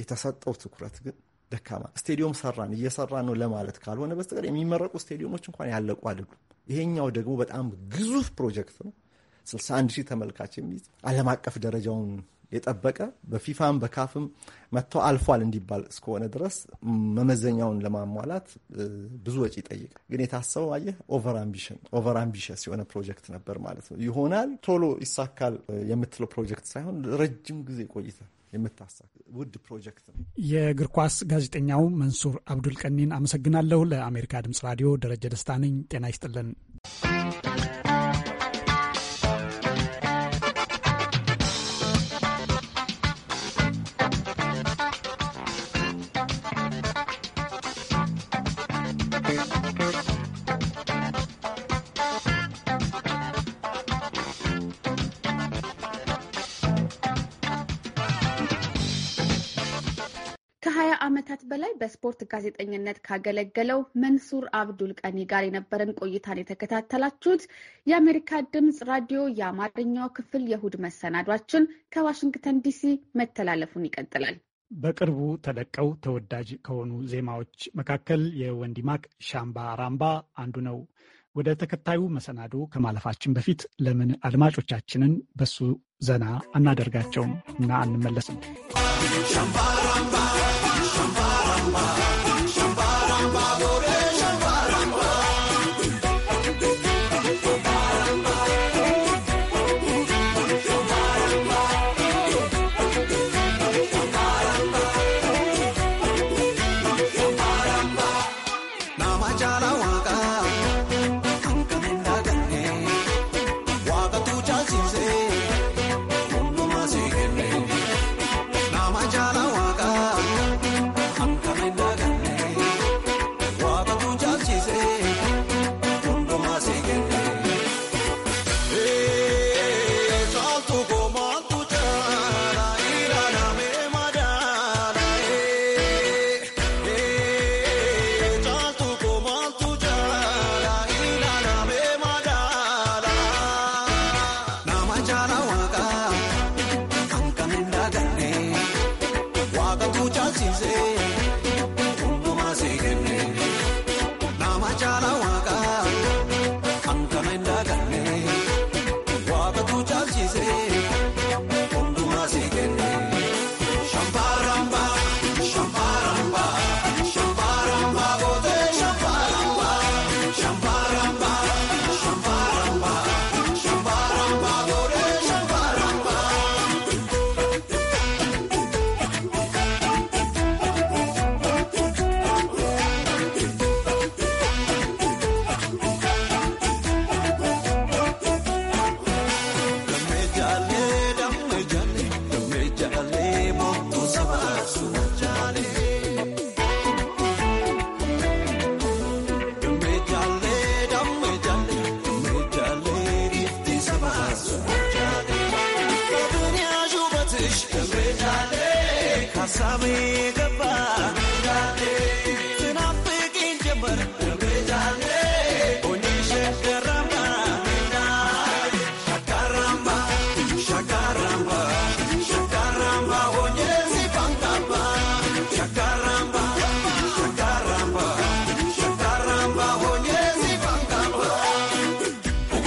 የተሰጠው ትኩረት ግን ደካማ ስቴዲየም ሰራን እየሰራ ነው ለማለት ካልሆነ በስተቀር የሚመረቁ ስቴዲየሞች እንኳን ያለቁ አይደሉም። ይሄኛው ደግሞ በጣም ግዙፍ ፕሮጀክት ነው። 61 ሺህ ተመልካች የሚይዝ ዓለም አቀፍ ደረጃውን የጠበቀ በፊፋም በካፍም መጥተው አልፏል እንዲባል እስከሆነ ድረስ መመዘኛውን ለማሟላት ብዙ ወጪ ይጠይቃል። ግን የታሰበው አየህ ኦቨር አምቢሽን ኦቨር አምቢሽስ የሆነ ፕሮጀክት ነበር ማለት ነው። ይሆናል ቶሎ ይሳካል የምትለው ፕሮጀክት ሳይሆን ረጅም ጊዜ ቆይተ የምታሳካ ውድ ፕሮጀክት ነው። የእግር ኳስ ጋዜጠኛው መንሱር አብዱል አመሰግናለሁ። ለአሜሪካ ድምጽ ራዲዮ ደረጀ ደስታ ነኝ። ጤና ይስጥልን። የስፖርት ጋዜጠኝነት ካገለገለው መንሱር አብዱል ቀኒ ጋር የነበረን ቆይታን የተከታተላችሁት። የአሜሪካ ድምፅ ራዲዮ የአማርኛው ክፍል የእሁድ መሰናዷችን ከዋሽንግተን ዲሲ መተላለፉን ይቀጥላል። በቅርቡ ተለቀው ተወዳጅ ከሆኑ ዜማዎች መካከል የወንዲማክ ሻምባ ራምባ አንዱ ነው። ወደ ተከታዩ መሰናዶ ከማለፋችን በፊት ለምን አድማጮቻችንን በሱ ዘና አናደርጋቸውም እና አንመለስም? Mama.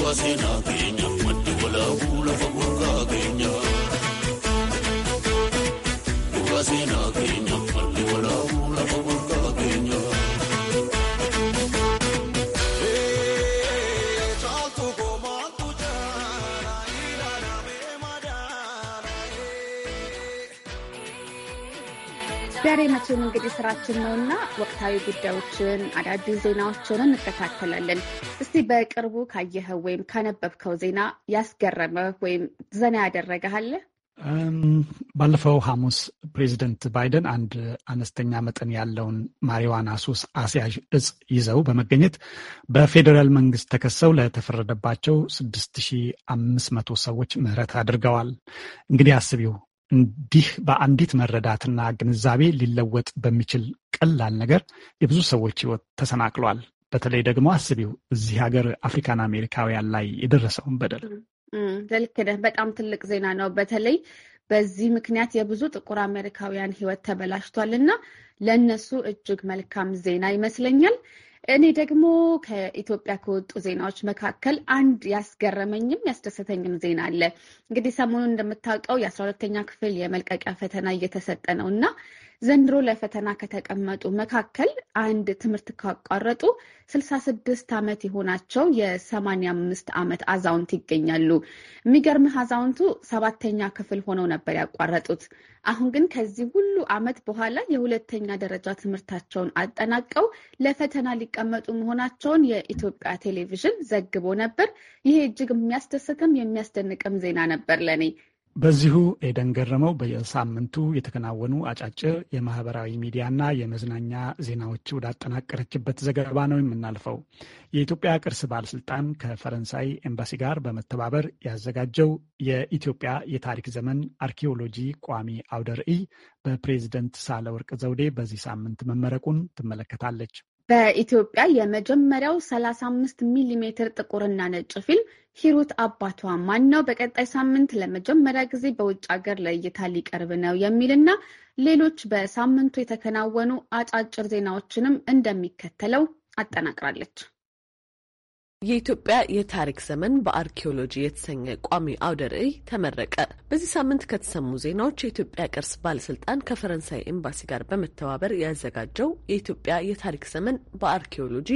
was enough. ዛሬ መቼም እንግዲህ ስራችን ነውና ወቅታዊ ጉዳዮችን አዳዲስ ዜናዎችን እንከታተላለን። እስቲ በቅርቡ ካየኸው ወይም ካነበብከው ዜና ያስገረመ ወይም ዘና ያደረገሃለ? ባለፈው ሐሙስ ፕሬዚደንት ባይደን አንድ አነስተኛ መጠን ያለውን ማሪዋና ሱስ አስያዥ እጽ ይዘው በመገኘት በፌዴራል መንግስት ተከሰው ለተፈረደባቸው 6500 ሰዎች ምህረት አድርገዋል። እንግዲህ አስቢው እንዲህ በአንዲት መረዳትና ግንዛቤ ሊለወጥ በሚችል ቀላል ነገር የብዙ ሰዎች ህይወት ተሰናክሏል። በተለይ ደግሞ አስቢው እዚህ ሀገር አፍሪካን አሜሪካውያን ላይ የደረሰውን በደል። ልክ ነህ። በጣም ትልቅ ዜና ነው። በተለይ በዚህ ምክንያት የብዙ ጥቁር አሜሪካውያን ህይወት ተበላሽቷል እና ለእነሱ እጅግ መልካም ዜና ይመስለኛል። እኔ ደግሞ ከኢትዮጵያ ከወጡ ዜናዎች መካከል አንድ ያስገረመኝም ያስደሰተኝም ዜና አለ። እንግዲህ ሰሞኑን እንደምታውቀው የአስራ ሁለተኛ ክፍል የመልቀቂያ ፈተና እየተሰጠ ነው እና ዘንድሮ ለፈተና ከተቀመጡ መካከል አንድ ትምህርት ካቋረጡ 66 ዓመት የሆናቸው የ85 ዓመት አዛውንት ይገኛሉ። የሚገርምህ አዛውንቱ ሰባተኛ ክፍል ሆነው ነበር ያቋረጡት። አሁን ግን ከዚህ ሁሉ ዓመት በኋላ የሁለተኛ ደረጃ ትምህርታቸውን አጠናቀው ለፈተና ሊቀመጡ መሆናቸውን የኢትዮጵያ ቴሌቪዥን ዘግቦ ነበር። ይሄ እጅግ የሚያስደስትም የሚያስደንቅም ዜና ነበር ለኔ። በዚሁ ኤደን ገረመው በየሳምንቱ የተከናወኑ አጫጭር የማህበራዊ ሚዲያና የመዝናኛ ዜናዎች ወዳጠናቀረችበት ዘገባ ነው የምናልፈው። የኢትዮጵያ ቅርስ ባለስልጣን ከፈረንሳይ ኤምባሲ ጋር በመተባበር ያዘጋጀው የኢትዮጵያ የታሪክ ዘመን አርኪኦሎጂ ቋሚ አውደ ርዕይ በፕሬዝደንት ሳህለወርቅ ዘውዴ በዚህ ሳምንት መመረቁን ትመለከታለች። በኢትዮጵያ የመጀመሪያው 35 ሚሊ ሜትር ጥቁርና ነጭ ፊልም ሂሩት አባቷ ማን ነው በቀጣይ ሳምንት ለመጀመሪያ ጊዜ በውጭ ሀገር ለእይታ ሊቀርብ ነው የሚልና ሌሎች በሳምንቱ የተከናወኑ አጫጭር ዜናዎችንም እንደሚከተለው አጠናቅራለች። የኢትዮጵያ የታሪክ ዘመን በአርኪኦሎጂ የተሰኘ ቋሚ አውደ ርዕይ ተመረቀ። በዚህ ሳምንት ከተሰሙ ዜናዎች የኢትዮጵያ ቅርስ ባለስልጣን ከፈረንሳይ ኤምባሲ ጋር በመተባበር ያዘጋጀው የኢትዮጵያ የታሪክ ዘመን በአርኪኦሎጂ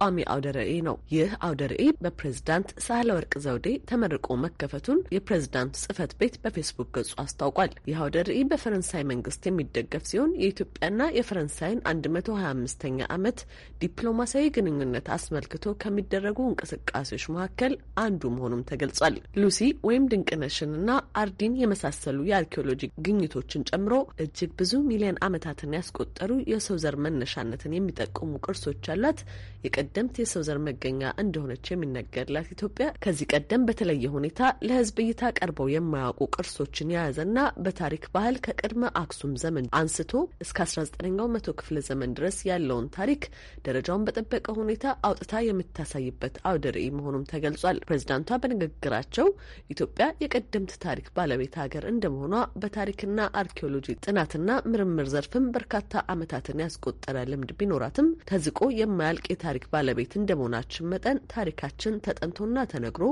ቋሚ አውደ ርዕይ ነው። ይህ አውደ ርዕይ በፕሬዝዳንት ሳህለ ወርቅ ዘውዴ ተመርቆ መከፈቱን የፕሬዝዳንቱ ጽህፈት ቤት በፌስቡክ ገጹ አስታውቋል። ይህ አውደ ርዕይ በፈረንሳይ መንግስት የሚደገፍ ሲሆን የኢትዮጵያና የፈረንሳይን 125ኛ ዓመት ዲፕሎማሲያዊ ግንኙነት አስመልክቶ ከሚደረጉ እንቅስቃሴዎች መካከል አንዱ መሆኑም ተገልጿል። ሉሲ ወይም ድንቅነሽንና አርዲን የመሳሰሉ የአርኪኦሎጂ ግኝቶችን ጨምሮ እጅግ ብዙ ሚሊዮን ዓመታትን ያስቆጠሩ የሰው ዘር መነሻነትን የሚጠቁሙ ቅርሶች ያሏት የቀደምት የሰው ዘር መገኛ እንደሆነች የሚነገርላት ኢትዮጵያ ከዚህ ቀደም በተለየ ሁኔታ ለሕዝብ እይታ ቀርበው የማያውቁ ቅርሶችን የያዘና በታሪክ ባህል ከቅድመ አክሱም ዘመን አንስቶ እስከ 19ኛው መቶ ክፍለ ዘመን ድረስ ያለውን ታሪክ ደረጃውን በጠበቀ ሁኔታ አውጥታ የምታሳይበት አውደ ርዕይ መሆኑም ተገልጿል። ፕሬዚዳንቷ በንግግራቸው ኢትዮጵያ የቀደምት ታሪክ ባለቤት ሀገር እንደመሆኗ በታሪክና አርኪኦሎጂ ጥናትና ምርምር ዘርፍም በርካታ ዓመታትን ያስቆጠረ ልምድ ቢኖራትም ተዝቆ የማያልቅ የታሪክ ባለቤት እንደመሆናችን መጠን ታሪካችን ተጠንቶና ተነግሮ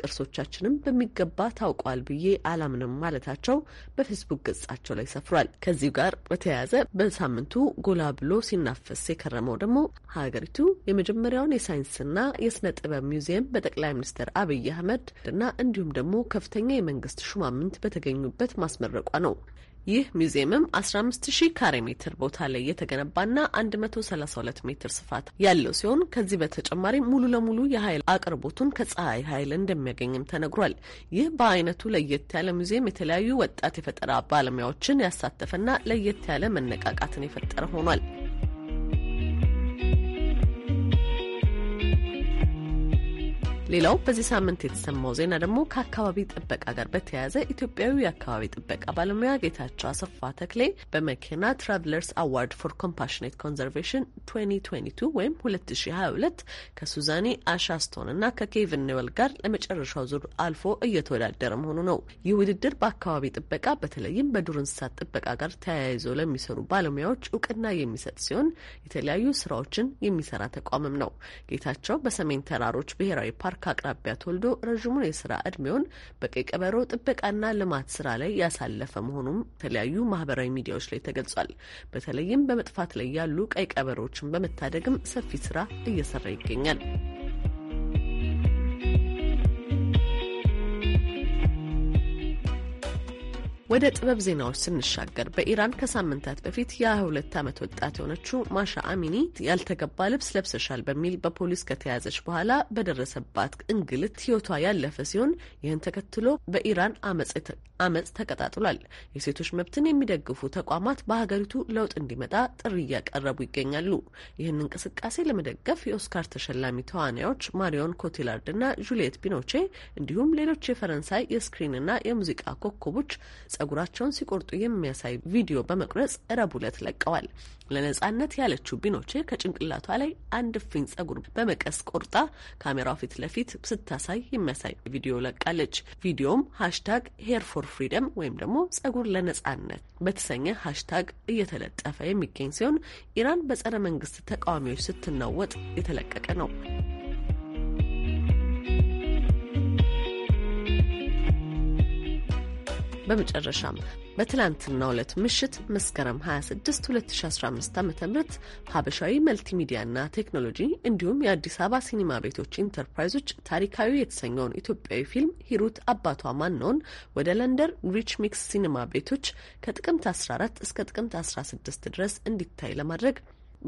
ቅርሶቻችንም በሚገባ ታውቋል ብዬ አላምንም ማለታቸው በፌስቡክ ገጻቸው ላይ ሰፍሯል። ከዚሁ ጋር በተያያዘ በሳምንቱ ጎላ ብሎ ሲናፈስ የከረመው ደግሞ ሀገሪቱ የመጀመሪያውን የሳይንስና የስነ ጥበብ ሚውዚየም በጠቅላይ ሚኒስትር አብይ አህመድ እና እንዲሁም ደግሞ ከፍተኛ የመንግስት ሹማምንት በተገኙበት ማስመረቋ ነው። ይህ ሚውዚየምም 150 ካሬ ሜትር ቦታ ላይ የተገነባና 132 ሜትር ስፋት ያለው ሲሆን ከዚህ በተጨማሪ ሙሉ ለሙሉ የኃይል አቅርቦቱን ከፀሐይ ኃይል እንደሚያገኝም ተነግሯል። ይህ በአይነቱ ለየት ያለ ሚዚየም የተለያዩ ወጣት የፈጠራ ባለሙያዎችን ያሳተፈና ለየት ያለ መነቃቃትን የፈጠረ ሆኗል። ሌላው በዚህ ሳምንት የተሰማው ዜና ደግሞ ከአካባቢ ጥበቃ ጋር በተያያዘ ኢትዮጵያዊ የአካባቢ ጥበቃ ባለሙያ ጌታቸው አሰፋ ተክሌ በመኪና ትራቭለርስ አዋርድ ፎር ኮምፓሽኔት ኮንዘርቬሽን 2022 ወይም 2022 ከሱዛኒ አሻስቶን እና ከኬቪን ኔወል ጋር ለመጨረሻው ዙር አልፎ እየተወዳደረ መሆኑ ነው። ይህ ውድድር በአካባቢ ጥበቃ በተለይም በዱር እንስሳት ጥበቃ ጋር ተያይዞ ለሚሰሩ ባለሙያዎች እውቅና የሚሰጥ ሲሆን የተለያዩ ስራዎችን የሚሰራ ተቋምም ነው። ጌታቸው በሰሜን ተራሮች ብሔራዊ ፓርክ ፓርክ አቅራቢያ ተወልዶ ረዥሙን የስራ እድሜውን በቀይ ቀበሮ ጥበቃና ልማት ስራ ላይ ያሳለፈ መሆኑም የተለያዩ ማህበራዊ ሚዲያዎች ላይ ተገልጿል። በተለይም በመጥፋት ላይ ያሉ ቀይ ቀበሮዎችን በመታደግም ሰፊ ስራ እየሰራ ይገኛል። ወደ ጥበብ ዜናዎች ስንሻገር በኢራን ከሳምንታት በፊት የ22 ዓመት ወጣት የሆነችው ማሻ አሚኒ ያልተገባ ልብስ ለብሰሻል በሚል በፖሊስ ከተያዘች በኋላ በደረሰባት እንግልት ሕይወቷ ያለፈ ሲሆን ይህን ተከትሎ በኢራን አመፅ ተቀጣጥሏል። የሴቶች መብትን የሚደግፉ ተቋማት በሀገሪቱ ለውጥ እንዲመጣ ጥሪ እያቀረቡ ይገኛሉ። ይህን እንቅስቃሴ ለመደገፍ የኦስካር ተሸላሚ ተዋናዮች ማሪዮን ኮቴላርድ እና ጁልየት ቢኖቼ እንዲሁም ሌሎች የፈረንሳይ የስክሪንና የሙዚቃ ኮከቦች ጸጉራቸውን ሲቆርጡ የሚያሳይ ቪዲዮ በመቁረጽ ረቡዕ ዕለት ለቀዋል። ለነጻነት ያለችው ቢኖቼ ከጭንቅላቷ ላይ አንድ ፍኝ ጸጉር በመቀስ ቆርጣ ካሜራው ፊት ለፊት ስታሳይ የሚያሳይ ቪዲዮ ለቃለች። ቪዲዮም ሃሽታግ ሄር ፎር ፍሪደም ወይም ደግሞ ጸጉር ለነጻነት በተሰኘ ሃሽታግ እየተለጠፈ የሚገኝ ሲሆን ኢራን በጸረ መንግስት ተቃዋሚዎች ስትናወጥ የተለቀቀ ነው። በመጨረሻም በትላንትና ዕለት ምሽት መስከረም 26 2015 ዓ ም ሀበሻዊ መልቲሚዲያና ቴክኖሎጂ እንዲሁም የአዲስ አበባ ሲኒማ ቤቶች ኢንተርፕራይዞች ታሪካዊ የተሰኘውን ኢትዮጵያዊ ፊልም ሂሩት አባቷ ማነውን ወደ ለንደን ሪች ሚክስ ሲኒማ ቤቶች ከጥቅምት 14 እስከ ጥቅምት 16 ድረስ እንዲታይ ለማድረግ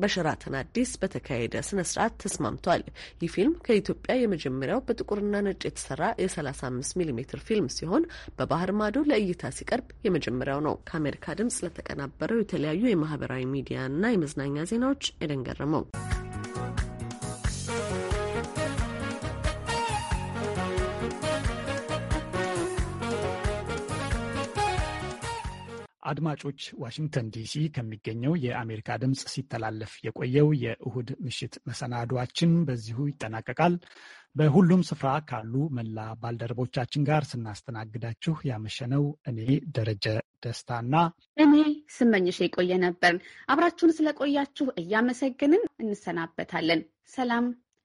በሸራተን አዲስ በተካሄደ ስነ ስርዓት ተስማምቷል። ይህ ፊልም ከኢትዮጵያ የመጀመሪያው በጥቁርና ነጭ የተሰራ የ35 ሚሜ ፊልም ሲሆን በባህር ማዶ ለእይታ ሲቀርብ የመጀመሪያው ነው። ከአሜሪካ ድምጽ ለተቀናበረው የተለያዩ የማህበራዊ ሚዲያና የመዝናኛ ዜናዎች ኤደን ገረመው። አድማጮች፣ ዋሽንግተን ዲሲ ከሚገኘው የአሜሪካ ድምፅ ሲተላለፍ የቆየው የእሁድ ምሽት መሰናዷችን በዚሁ ይጠናቀቃል። በሁሉም ስፍራ ካሉ መላ ባልደረቦቻችን ጋር ስናስተናግዳችሁ ያመሸነው እኔ ደረጀ ደስታና እኔ ስመኝሽ የቆየ ነበርን። አብራችሁን ስለቆያችሁ እያመሰገንን እንሰናበታለን። ሰላም።